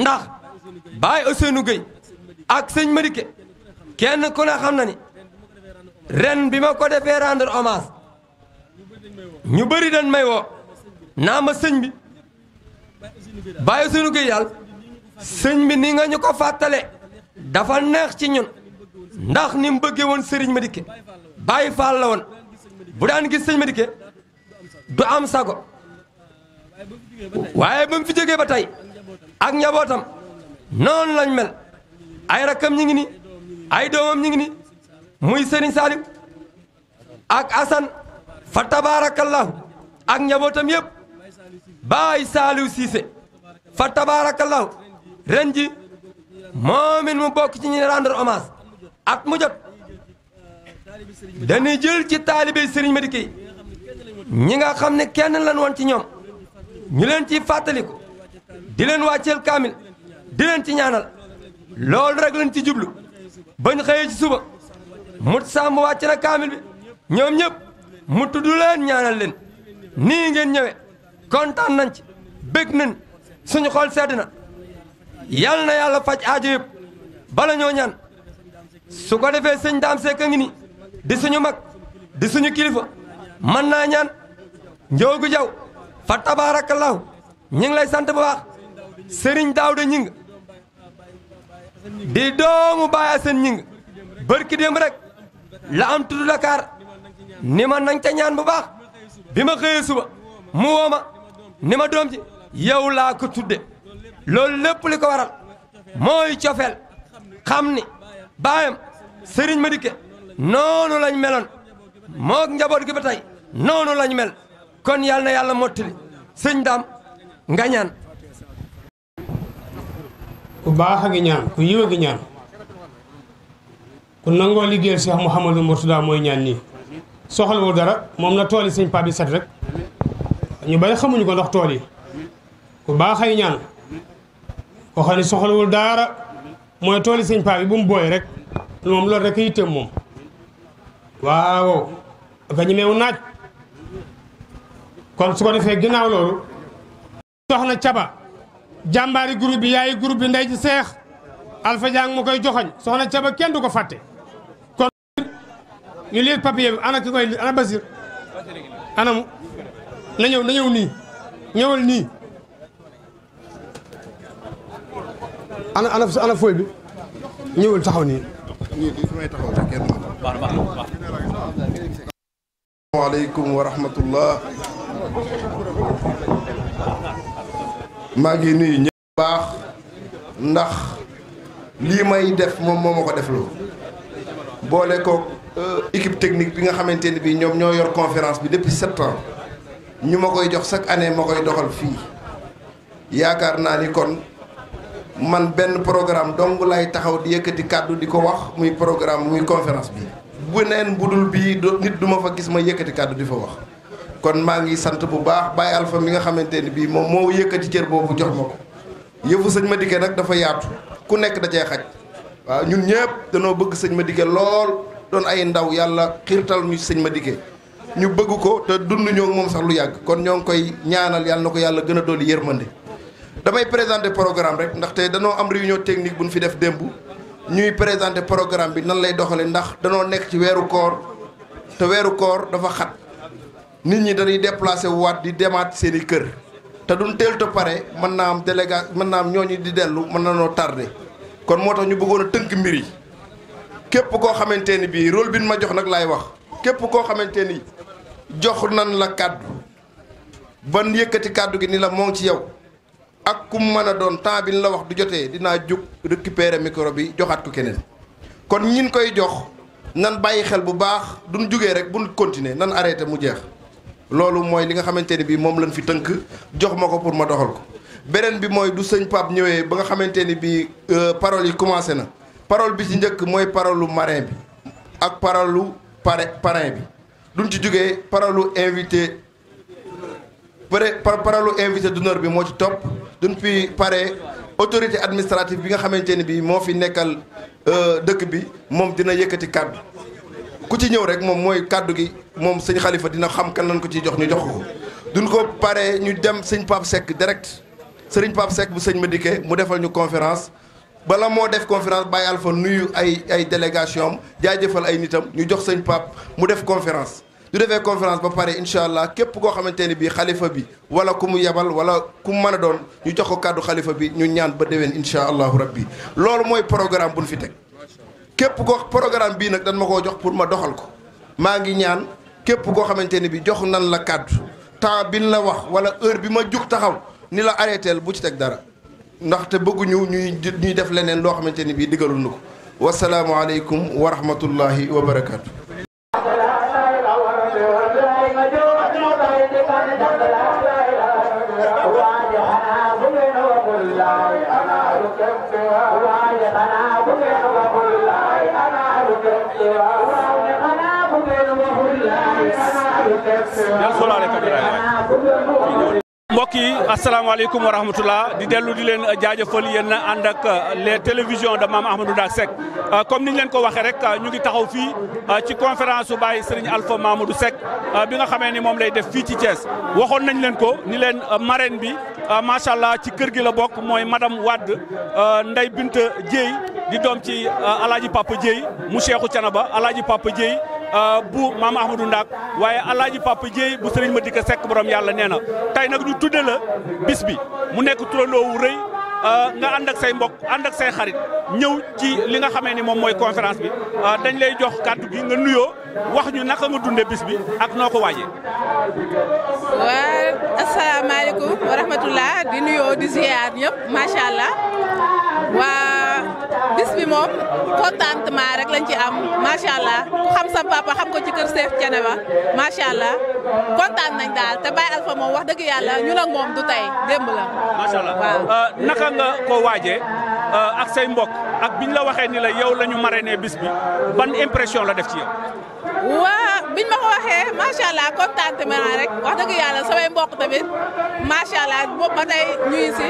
ndax baay Ousseynou Gueye ak sëñ Madike kenn ku ne xam na ni ren bi ma ko defee rendre ñu bëri dañ may woo naa ma sëñ bi baay Ousseynou Gueye yàlla sëñ bi ni nga ñu ko fàttale dafa neex ci ñun ndax ni mu woon sëriñ Madické Baye Fall la woon bu daan gis sëriñ Madické du am sago waaye ba mu fi ba tey ak njabootam noonu lañ mel ay rakkam ñi ngi ni ay doomam ñi ngi ni muy sëriñ Salim ak asan fa tabaarakallahu ak njabootam yëpp Baye Saliou Cissé fa tabaarakallahu ren ji moomin mu bokk ci ñi rendre hommage at mu jot dañuy jël ci taalibe sëriñ Madické yi ñi nga xam ne kenn lan woon ci ñoom ñu leen ci fàttaliku di leen wàcceel kaamil di leen ci ñaanal loolu rek lañ ci jublu bañ xëyee ci suba mut mu sàmm wàcc na kaamil bi ñoom ñëpp mu tudd leen ñaanal leen nii ngeen ñëwee kontaan nañ ci bég nañ suñu xol sedd na yal na yàlla faj aajo yëpp bala ñoo ñaan su ko defee sëñ daam seek a ngi ni di suñu mag di suñu kilifa mën naa ñaan njoogu jaw fa tabaarakallaahu ñi ngi lay sant bu baax sëriñ daawda ñing di doomu baay ñing bërki démb rek la am tudd Dakar ni ma nañ ca ñaan bu baax bi ma xëyee suba mu woo ni ma doom ji yow laa ko tudde loolu lépp li ko waral mooy cofeel xam ni baayam sëriñ ma dikke noonu lañ meloon moog njaboot gi ba tey noonu lañ mel kon yàlla na yàlla mottali sëñ daam nga ñaan ku baax a ngi ñaan ku yiw a ngi ñaan ku nangoo mu Cheikh Mouhamadou Mourtada mooy ñaan nii soxlawu dara moom na tool yi sëñ Pape bi set rek ñu bari xamuñu ko ndax tool yi ku baax ay ñaan koo xam ne soxlawul daara mooy tooli sëñ paa bu mu booy rek moom loolu rek yitteem moom waaw ga ñu meew naaj kon su ko defee ginnaaw loolu soxna caba jàmbaari groupe bi yaay groupe bi ndey ci seex alpha jang koy joxoñ soxna caba kenn du ko fàtte kon ñu liir papier bi ana ki koy ana basir anamu na ñëw na ñëw nii ñëwal nii ana ana ana fooy bi ñëwul taxaw nii. asalaamaaleykum wa rahmatullah. maa ngi nuyu ñëpp baax ndax lii may def moom moo ma ko def boole kook euh, équipe technique bi nga xamante ne bii ñoom ñoo yor conférence bi depuis sept ñu ma koy jox chaque année ma koy doxal fii yaakaar naa ni kon. man benn programme dong lay taxaw di yëkkati kàddu di ko wax muy programme muy conférence bi bu neen budul bii nit du ma fa gis ma yëkkati kàddu di fa wax kon maa ngi sant bu baax bàyyi Alpha bi nga xamante ne bii moom moo yëkkati cër boobu jox ma ko yëfu sëñ Madické nag dafa yaatu ku nekk da cee xaj waaw ñun ñëpp danoo bëgg sëñ ma Madické lool doon ay ndaw yàlla xiirtal ñu sëñ ma Madické ñu bëgg ko te dund ñoo moom sax lu yàgg kon ñoo ngi koy ñaanal yàlla na ko yàlla gën a dolli yërmande damay présenter programme rek ndaxte danoo am réunion technique bu ñu fi def démb ñuy présenter programme bi nan lay doxale ndax danoo nekk ci weeru koor te weeru koor dafa xat nit ñi dañuy déplacé waat di demaat seen i kër te duñ teel pare mën naa am déléga mën naa am ñoo ñu di dellu mën na noo tardé kon moo tax ñu bëggoon a tënk mbir yi képp koo xamante ni bii rôle bi nu ma jox nag laay wax képp koo xamante ni jox nan la kàddu ban yëkkati kàddu gi ni la moo ngi ci yow ak ku mën a doon temps bi la wax du jotee dinaa jóg récupérer micro bi joxaat ko keneen kon ñin koy jox nan bàyyi xel bu baax duñ jógee rek buñ continuer nan arrêté mu jeex loolu mooy li nga xamante ne bii moom lañ fi tënk jox ma ko pour ma doxal ko beneen bi mooy du sëñ Pape ñëwee ba nga xamante ni bii euh, paroles yi commencé na parole bi ci njëkk mooy parole lu marin bi ak parole lu parrain bi duñ ci jógee parole lu invité pré paralu invité d'honneur bi moo ci topp duñ fi pare autorité administrative bi nga xamante ni bi moo fi nekkal euh, dëkk bi moom dina yëkkati kàddu ku ci ñëw rek moom mooy kàddu gi moom sëñ xalifa dina xam kan lañ ko ciy jox ñu jox ko duñ ko pare ñu dem sëñ Pape Seck direct sëriñ Pape Seck bu sëñ Madické mu defal ñu conférence bala moo def conférence bàyyi Alpha nuyu ay ay délégation am jaajëfal ay nitam ñu jox sëñ Pape mu def conférence ñu defee conférence ba pare incha allah képp koo xamante ni bii xalifa bi wala ku mu yebal wala ku mu mën a doon ñu jox ko kàddu xalifa bi ñu ñaan ba déwén allah allahu bi loolu mooy programme bu ñu fi teg képp koo programme bii nag dañ ma koo jox pour ma doxal ko maa ngi ñaan képp koo xamante ni bi jox nan la kàddu temps bi ñu la wax wala heure bi ma jug taxaw ni la arrêteel bu ci teg dara ndaxte bëgguñu ñuy ñuy def leneen loo xamante ni bii digalul nu ko wasalaamualeykum wa rahmatullahi wa barakaatu. Yan solo ale ka mbokk yi asalaamaaleykum wa rahmatullah di dellu di leen jaajëfal yéen ànd ak euh, les télévisions de Mame Ahmadou Ndak Seck euh, comme leen ko waxee rek euh, ñu ngi taxaw fii ci conférence su Baye Serigne Alpha Mamadou Seck bi nga xamee ni moom lay def fii ci Thiès waxoon nañ leen ko ni leen marraine bi macha allah ci kër gi la bokk mooy madame Wade Ndeye bint Dieye di doom ci alaaji Papa Dieye mu Cheikhou Thiénaba alaaji Papa Dieye bu Mame Ahmadou Ndak waaye alaaji Papa Dieye bu Serigne Madika Seck borom yàlla nee na tudde la bis bi mu nekk turandoo wu rëy euh, nga ànd ak say mbok ànd ak say xarit ñëw ci li nga xamee ni moom mooy conférence bi euh, dañ lay jox kàddu gi nga nuyoo wax ñu naka nga dunde bis bi ak noo ko waajee. waa asalaamaaleykum wa rahmatullah di nuyoo di ziar ñëpp macha allah waa bis bi moom contentement rek lañ ci am macha allah ku xam sa papa xam ko ci kër Cheikh Thiénaba macha allah. taan nañ daal te Baye Alpha moom wax dëgg yàlla ñu ak moom du tey démb la. macha allah waaw euh, naka nga ko waajee euh, ak say mbokk ak biñ la waxee ni la yow la ñu marraine bis bi ban impression la def ci yow. waa biñ ma ko waxee macha allah kontaan ma rek wax dëgg yàlla samay mbokk tamit macha allah boobu ba tey ñuy si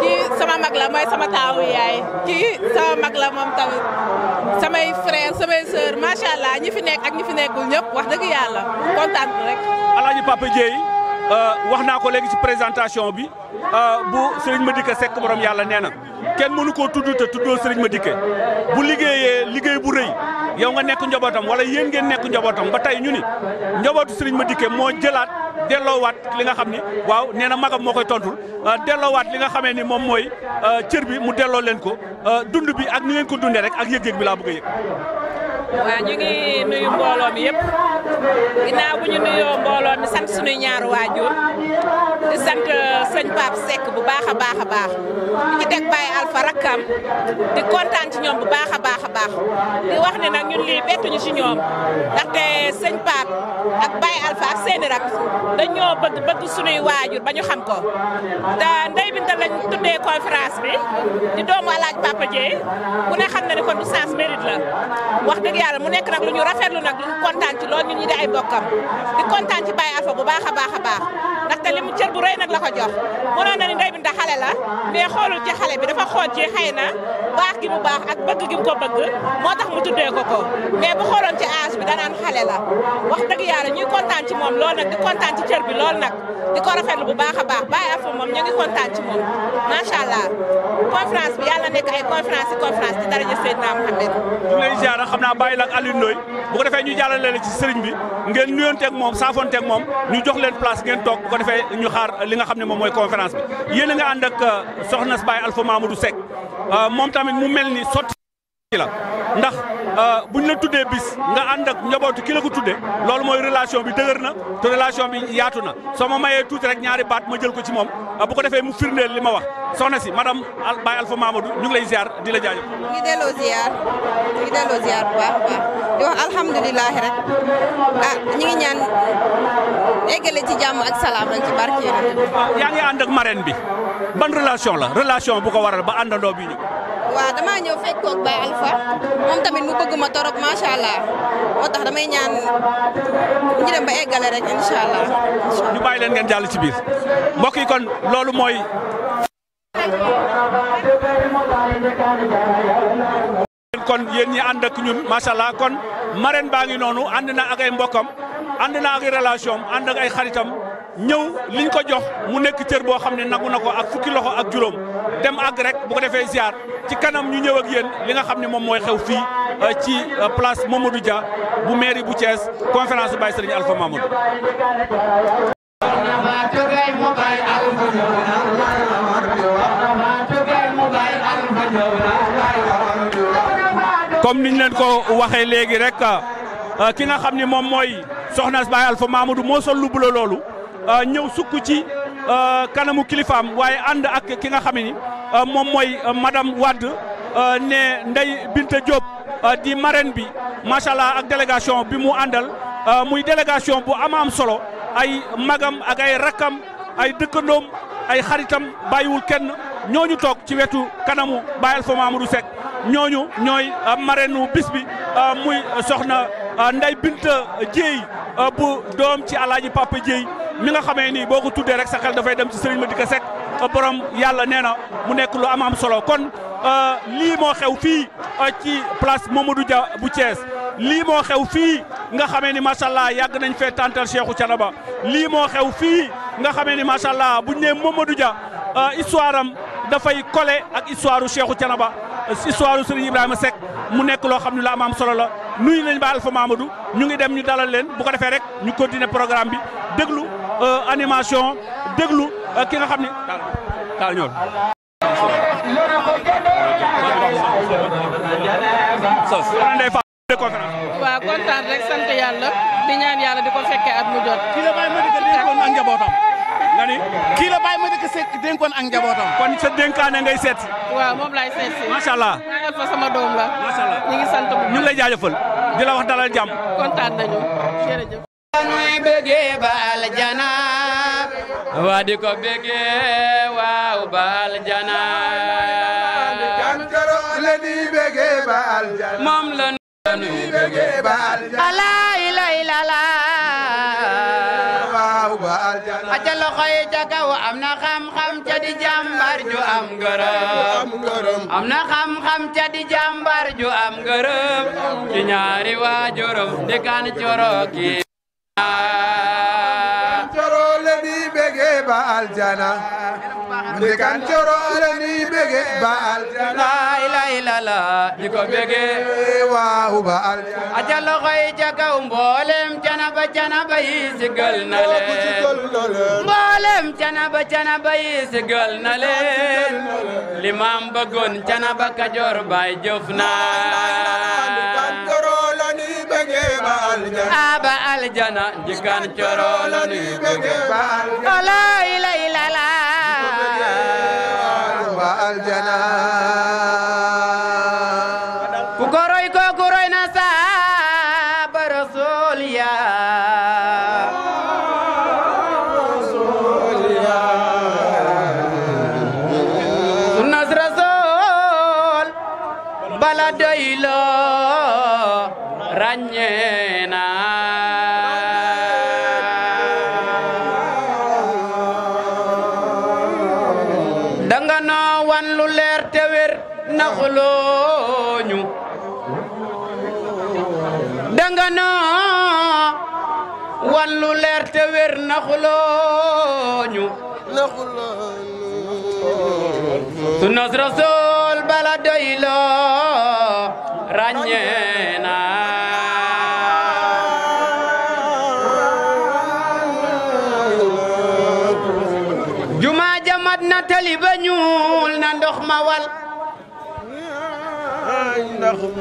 kii sama mag la mooy sama taawu yaay kii sama mag la moom tamit samay frère samay sœur macha allah ñi fi nekk ak ñi fi nekkul ñëpp wax dëgg yàlla kontaan rek. Alaaji Papa Dieye Euh, wax naa ko léegi ci présentation bi euh, bu Serigne Madické Seck borom yàlla nee na kenn mënu koo tudd te tuddoo Serigne Madické bu liggéeyee liggéey bu rëy yow nga nekk njabootam wala yéen ngeen nekk njabootam ba tey ñu ni njabootu Serigne Madické moo jëlaat delloowaat li nga xam ni waaw nee na magam moo koy tontul euh, delloowaat li nga xamee ni moom mooy cër bi mu delloo leen ko dund bi ak ni ngeen ko dundee rek ak yëg-yëg bi laa bëgg a waaw ñu ngi nuyu mbooloo mi yëpp nuyoo mbooloo mi sant suñuy ñaar waajur di sant euh, sëñ Pape Seck bu baax a baax a baax di ci teg Baye Alpha rakkam di kontaan ci ñoom bu baax a baax a baax di wax ne nag ñun lii bettuñu ci ñoom ndaxte sëñ Pape ak Baye Alpha ak seeni rak dañoo bëgg bëgg suñuy waajur ba ñu xam ko te ndey bi da lañ tuddee conférence bi di doomu alaaj Papa Dieye ku ne xam na ne kon du sens mérite la wax dëgg yàlla mu nekk nag lu ñu rafetlu nag lu ñu kontaan ci loolu ñun di ay bokkam di kontaan ci Baye Alpha bu baax a baax a baax ndaxte li mu cër bu rëy nag la ko jox mënoon na ni Ndeye Binta xale la mais xoolul ci xale bi dafa xool ci xëy na baax gi mu baax ak bëgg gi ko bëgg ñu tuddee ko ko bu xooloon ci âge bi danaan xale la wax dëgg yàlla ñuy kontaan ci moom lool nag di kontaan ci cër bi lool nag di ko rafetlu bu baax a baax bàyyi afa moom ñu ngi kontaan ci moom macha allah conférence bi yàlla nekk ay conférence yi conférence ci daraja Seydina Mouhamed ñu lay ziara xam naa bàyyi la ak Aliou Ndoye bu ko defee ñu jàllale leen ci sëriñ bi ngeen nuyonteeg moom saafonteeg moom ñu jox leen place ngeen toog bu defee ñu xaar li nga xam ne moom mooy conférence bi yéen a nga ànd ak euh, soxna Baye Alpha Mamadou Seck euh, moom tamit la ndax euh, buñ la tuddee bis nga ànd ak njabootu ki la ko tuddee loolu mooy relation bi dëgër na te relation bi yaatu na soo ma mayee tuuti rek ñaari baat ma jël ko ci moom euh, bu ko defee mu firndeel li ma wax soxna si madame Baye Alpha Mamadou ñu ngi lay ziar di la jaajëf. ñu ngi delloo ziar ñu ngi delloo ziar ah, ñaan eggale ci jàmm ak salaam yaa ngi ànd ak bi ban relation la relation bu ko waral ba àndandoo bi waaw damaa ñëw fekk koog Baye moom tamit mu bëgg ma torop macha allah moo tax damay ñaan ñu ba eggale rek incha allah. ñu bàyyi leen ngeen jàll ci biir mbokk yi kon loolu mooy. kon yéen ñi ànd ak ñun macha allah kon marraine baa ngi noonu ànd na ak ay mbokkam ànd na ak ay relation am ànd ak ay xaritam. ñëw liñ ko jox mu nekk cër boo xam ne nagu na ko ak fukki loxo ak juróom dem àgg rek bu ko defee ziar ci kanam ñu ñëw ak yéen li nga xam ne moom mooy xew fii euh, ci euh, place Mamadou Dia bu mairie bu Thiès conférence Baye Serigne Alpha Mamadou. comme niñ leen ko waxee léegi rek euh, ki nga xam ne moom mooy soxna Baye Alpha Mamadou moo sol lu bula loolu. Euh, ñëw sukk ci euh, kanamu kilifaam waaye ànd ak ki nga xam ni euh, moom mooy madame Wade ne Ndeye Binta Diop di marraine bi macha ak délégation bi mu àndal muy délégation bu ama am solo ay magam ak ay rakkam ay dëkkandoom ay xaritam bàyyiwul kenn ñooñu toog ci wetu kanamu Baye Alpha Mamadou Seck ñooñu ñooy marraine bis bi muy soxna. Euh, nday Binta Dieye euh, bu doom ci alaaji Papa Dieye mi nga xamee ni boo ko tuddee rek sa xel dafay dem ci Serigne Madické Seck euh, borom yàlla nee na mu nekk lu am am solo kon lii moo xew fii ci place Mamadou ja bu Thiès lii moo xew fii nga xamee ni macha allah yàgg nañ fee tantal Cheikhou Thiénaba lii moo xew fii nga xamee ni macha allah buñ nee Mamadou Dia Euh, histoire am dafay collé ak histoire u Cheikhou Thiénaba histoire u Serigne Ibrahima Seck mu nekk loo xam ne la am solo la nuyu nañ ba Alpha Mamadou ñu ngi dem ñu dalal leen bu ko defee rek ñu continuer programme bi déglu euh, animation déglu euh, ki nga xam ne taa ñool waaw kontaan rek sant yàlla di ñaan yàlla di ko fekkee at mu jot. nga ni kii la bàyyi ma dëkk Seck dénkoon ak njabootam. kon sa dénkaane ngay seet. waa moom laay seet si. macha allah fa sama doom la. macha allah ñu ngi sant bu ñu lay jaajëfal di la wax dalal jàmm. kontaan nañu jërëjëf. nuy bëggee ba aljana waa di ko bëggee waaw ba aljana moom la nuy bëggee ba aljana. am ngërëm na xam ca di jàmbar ju am ngërëm ci ñaari waajuram di kan coro ki ba aljana ndikan coro ala ni bege ba aljana la ilaha illallah ko bege waaw ba aljana aja loxoy ca kaw mboolem canaba canaba yi sigal na leen mboolem canaba canaba yi sigal na leen limaam bëggoon canaba kajoor bay jëf na ba aljana a ba aljana coro la nuy bëgge ba aljana la ilaha illallah ba aljana kon lu leer te wér naxulooñu su nas rasul bala doy loo ràññee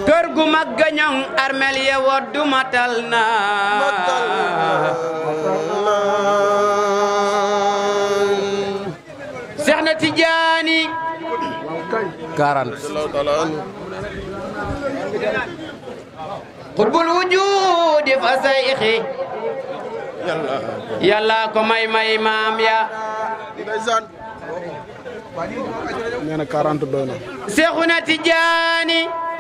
kër gu mag gañoŋ armel ye woddu matal na Seex na Tijaani 40 xutbul wujuudi fa sayxi yàlla ko may may maam ya nee na 40 doy na Tijaani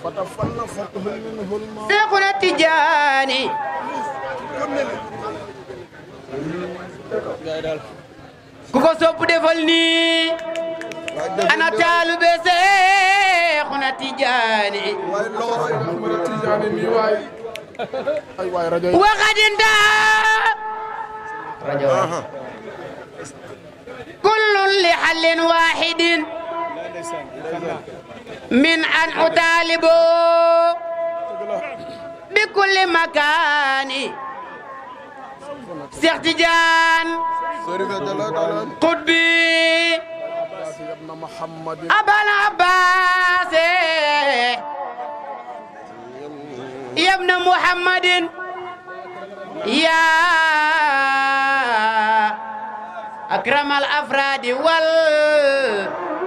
Seexuna Tijaani ku ko sopp defal nii ana taalube Seexuna Tijaani waxadinda kullun li xallin waaxidin من أن أطالب بكل مكان شيخ تجان قطبي أبا العباس يا ابن محمد يا أكرم الأفراد وال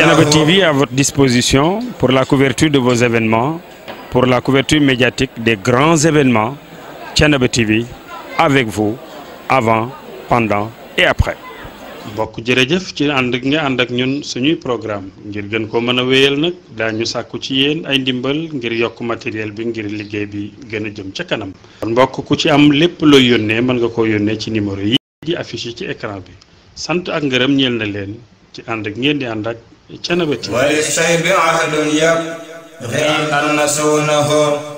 Thiénaba TV à votre disposition pour la couverture de vos événements, pour la couverture médiatique des grands événements. Thiénaba TV avec vous avant, pendant et après. mbokk jërëjëf ci ànd ak nga ànd ak ñun suñuy programme ngir gën koo mën a wéyal nag daañu sàkku ci yéen ay ndimbal ngir yokk matériel bi ngir liggéey bi gën a jëm ca kanam kon mbokk ku ci am lépp looy yónnee mën nga koo yónnee ci numéro yi di affiché ci écran bi sant ak ngërëm ñeel na leen ci ànd ak ngeen di ànd ak canabati wali saybi ahadun yab ri an annasuunahu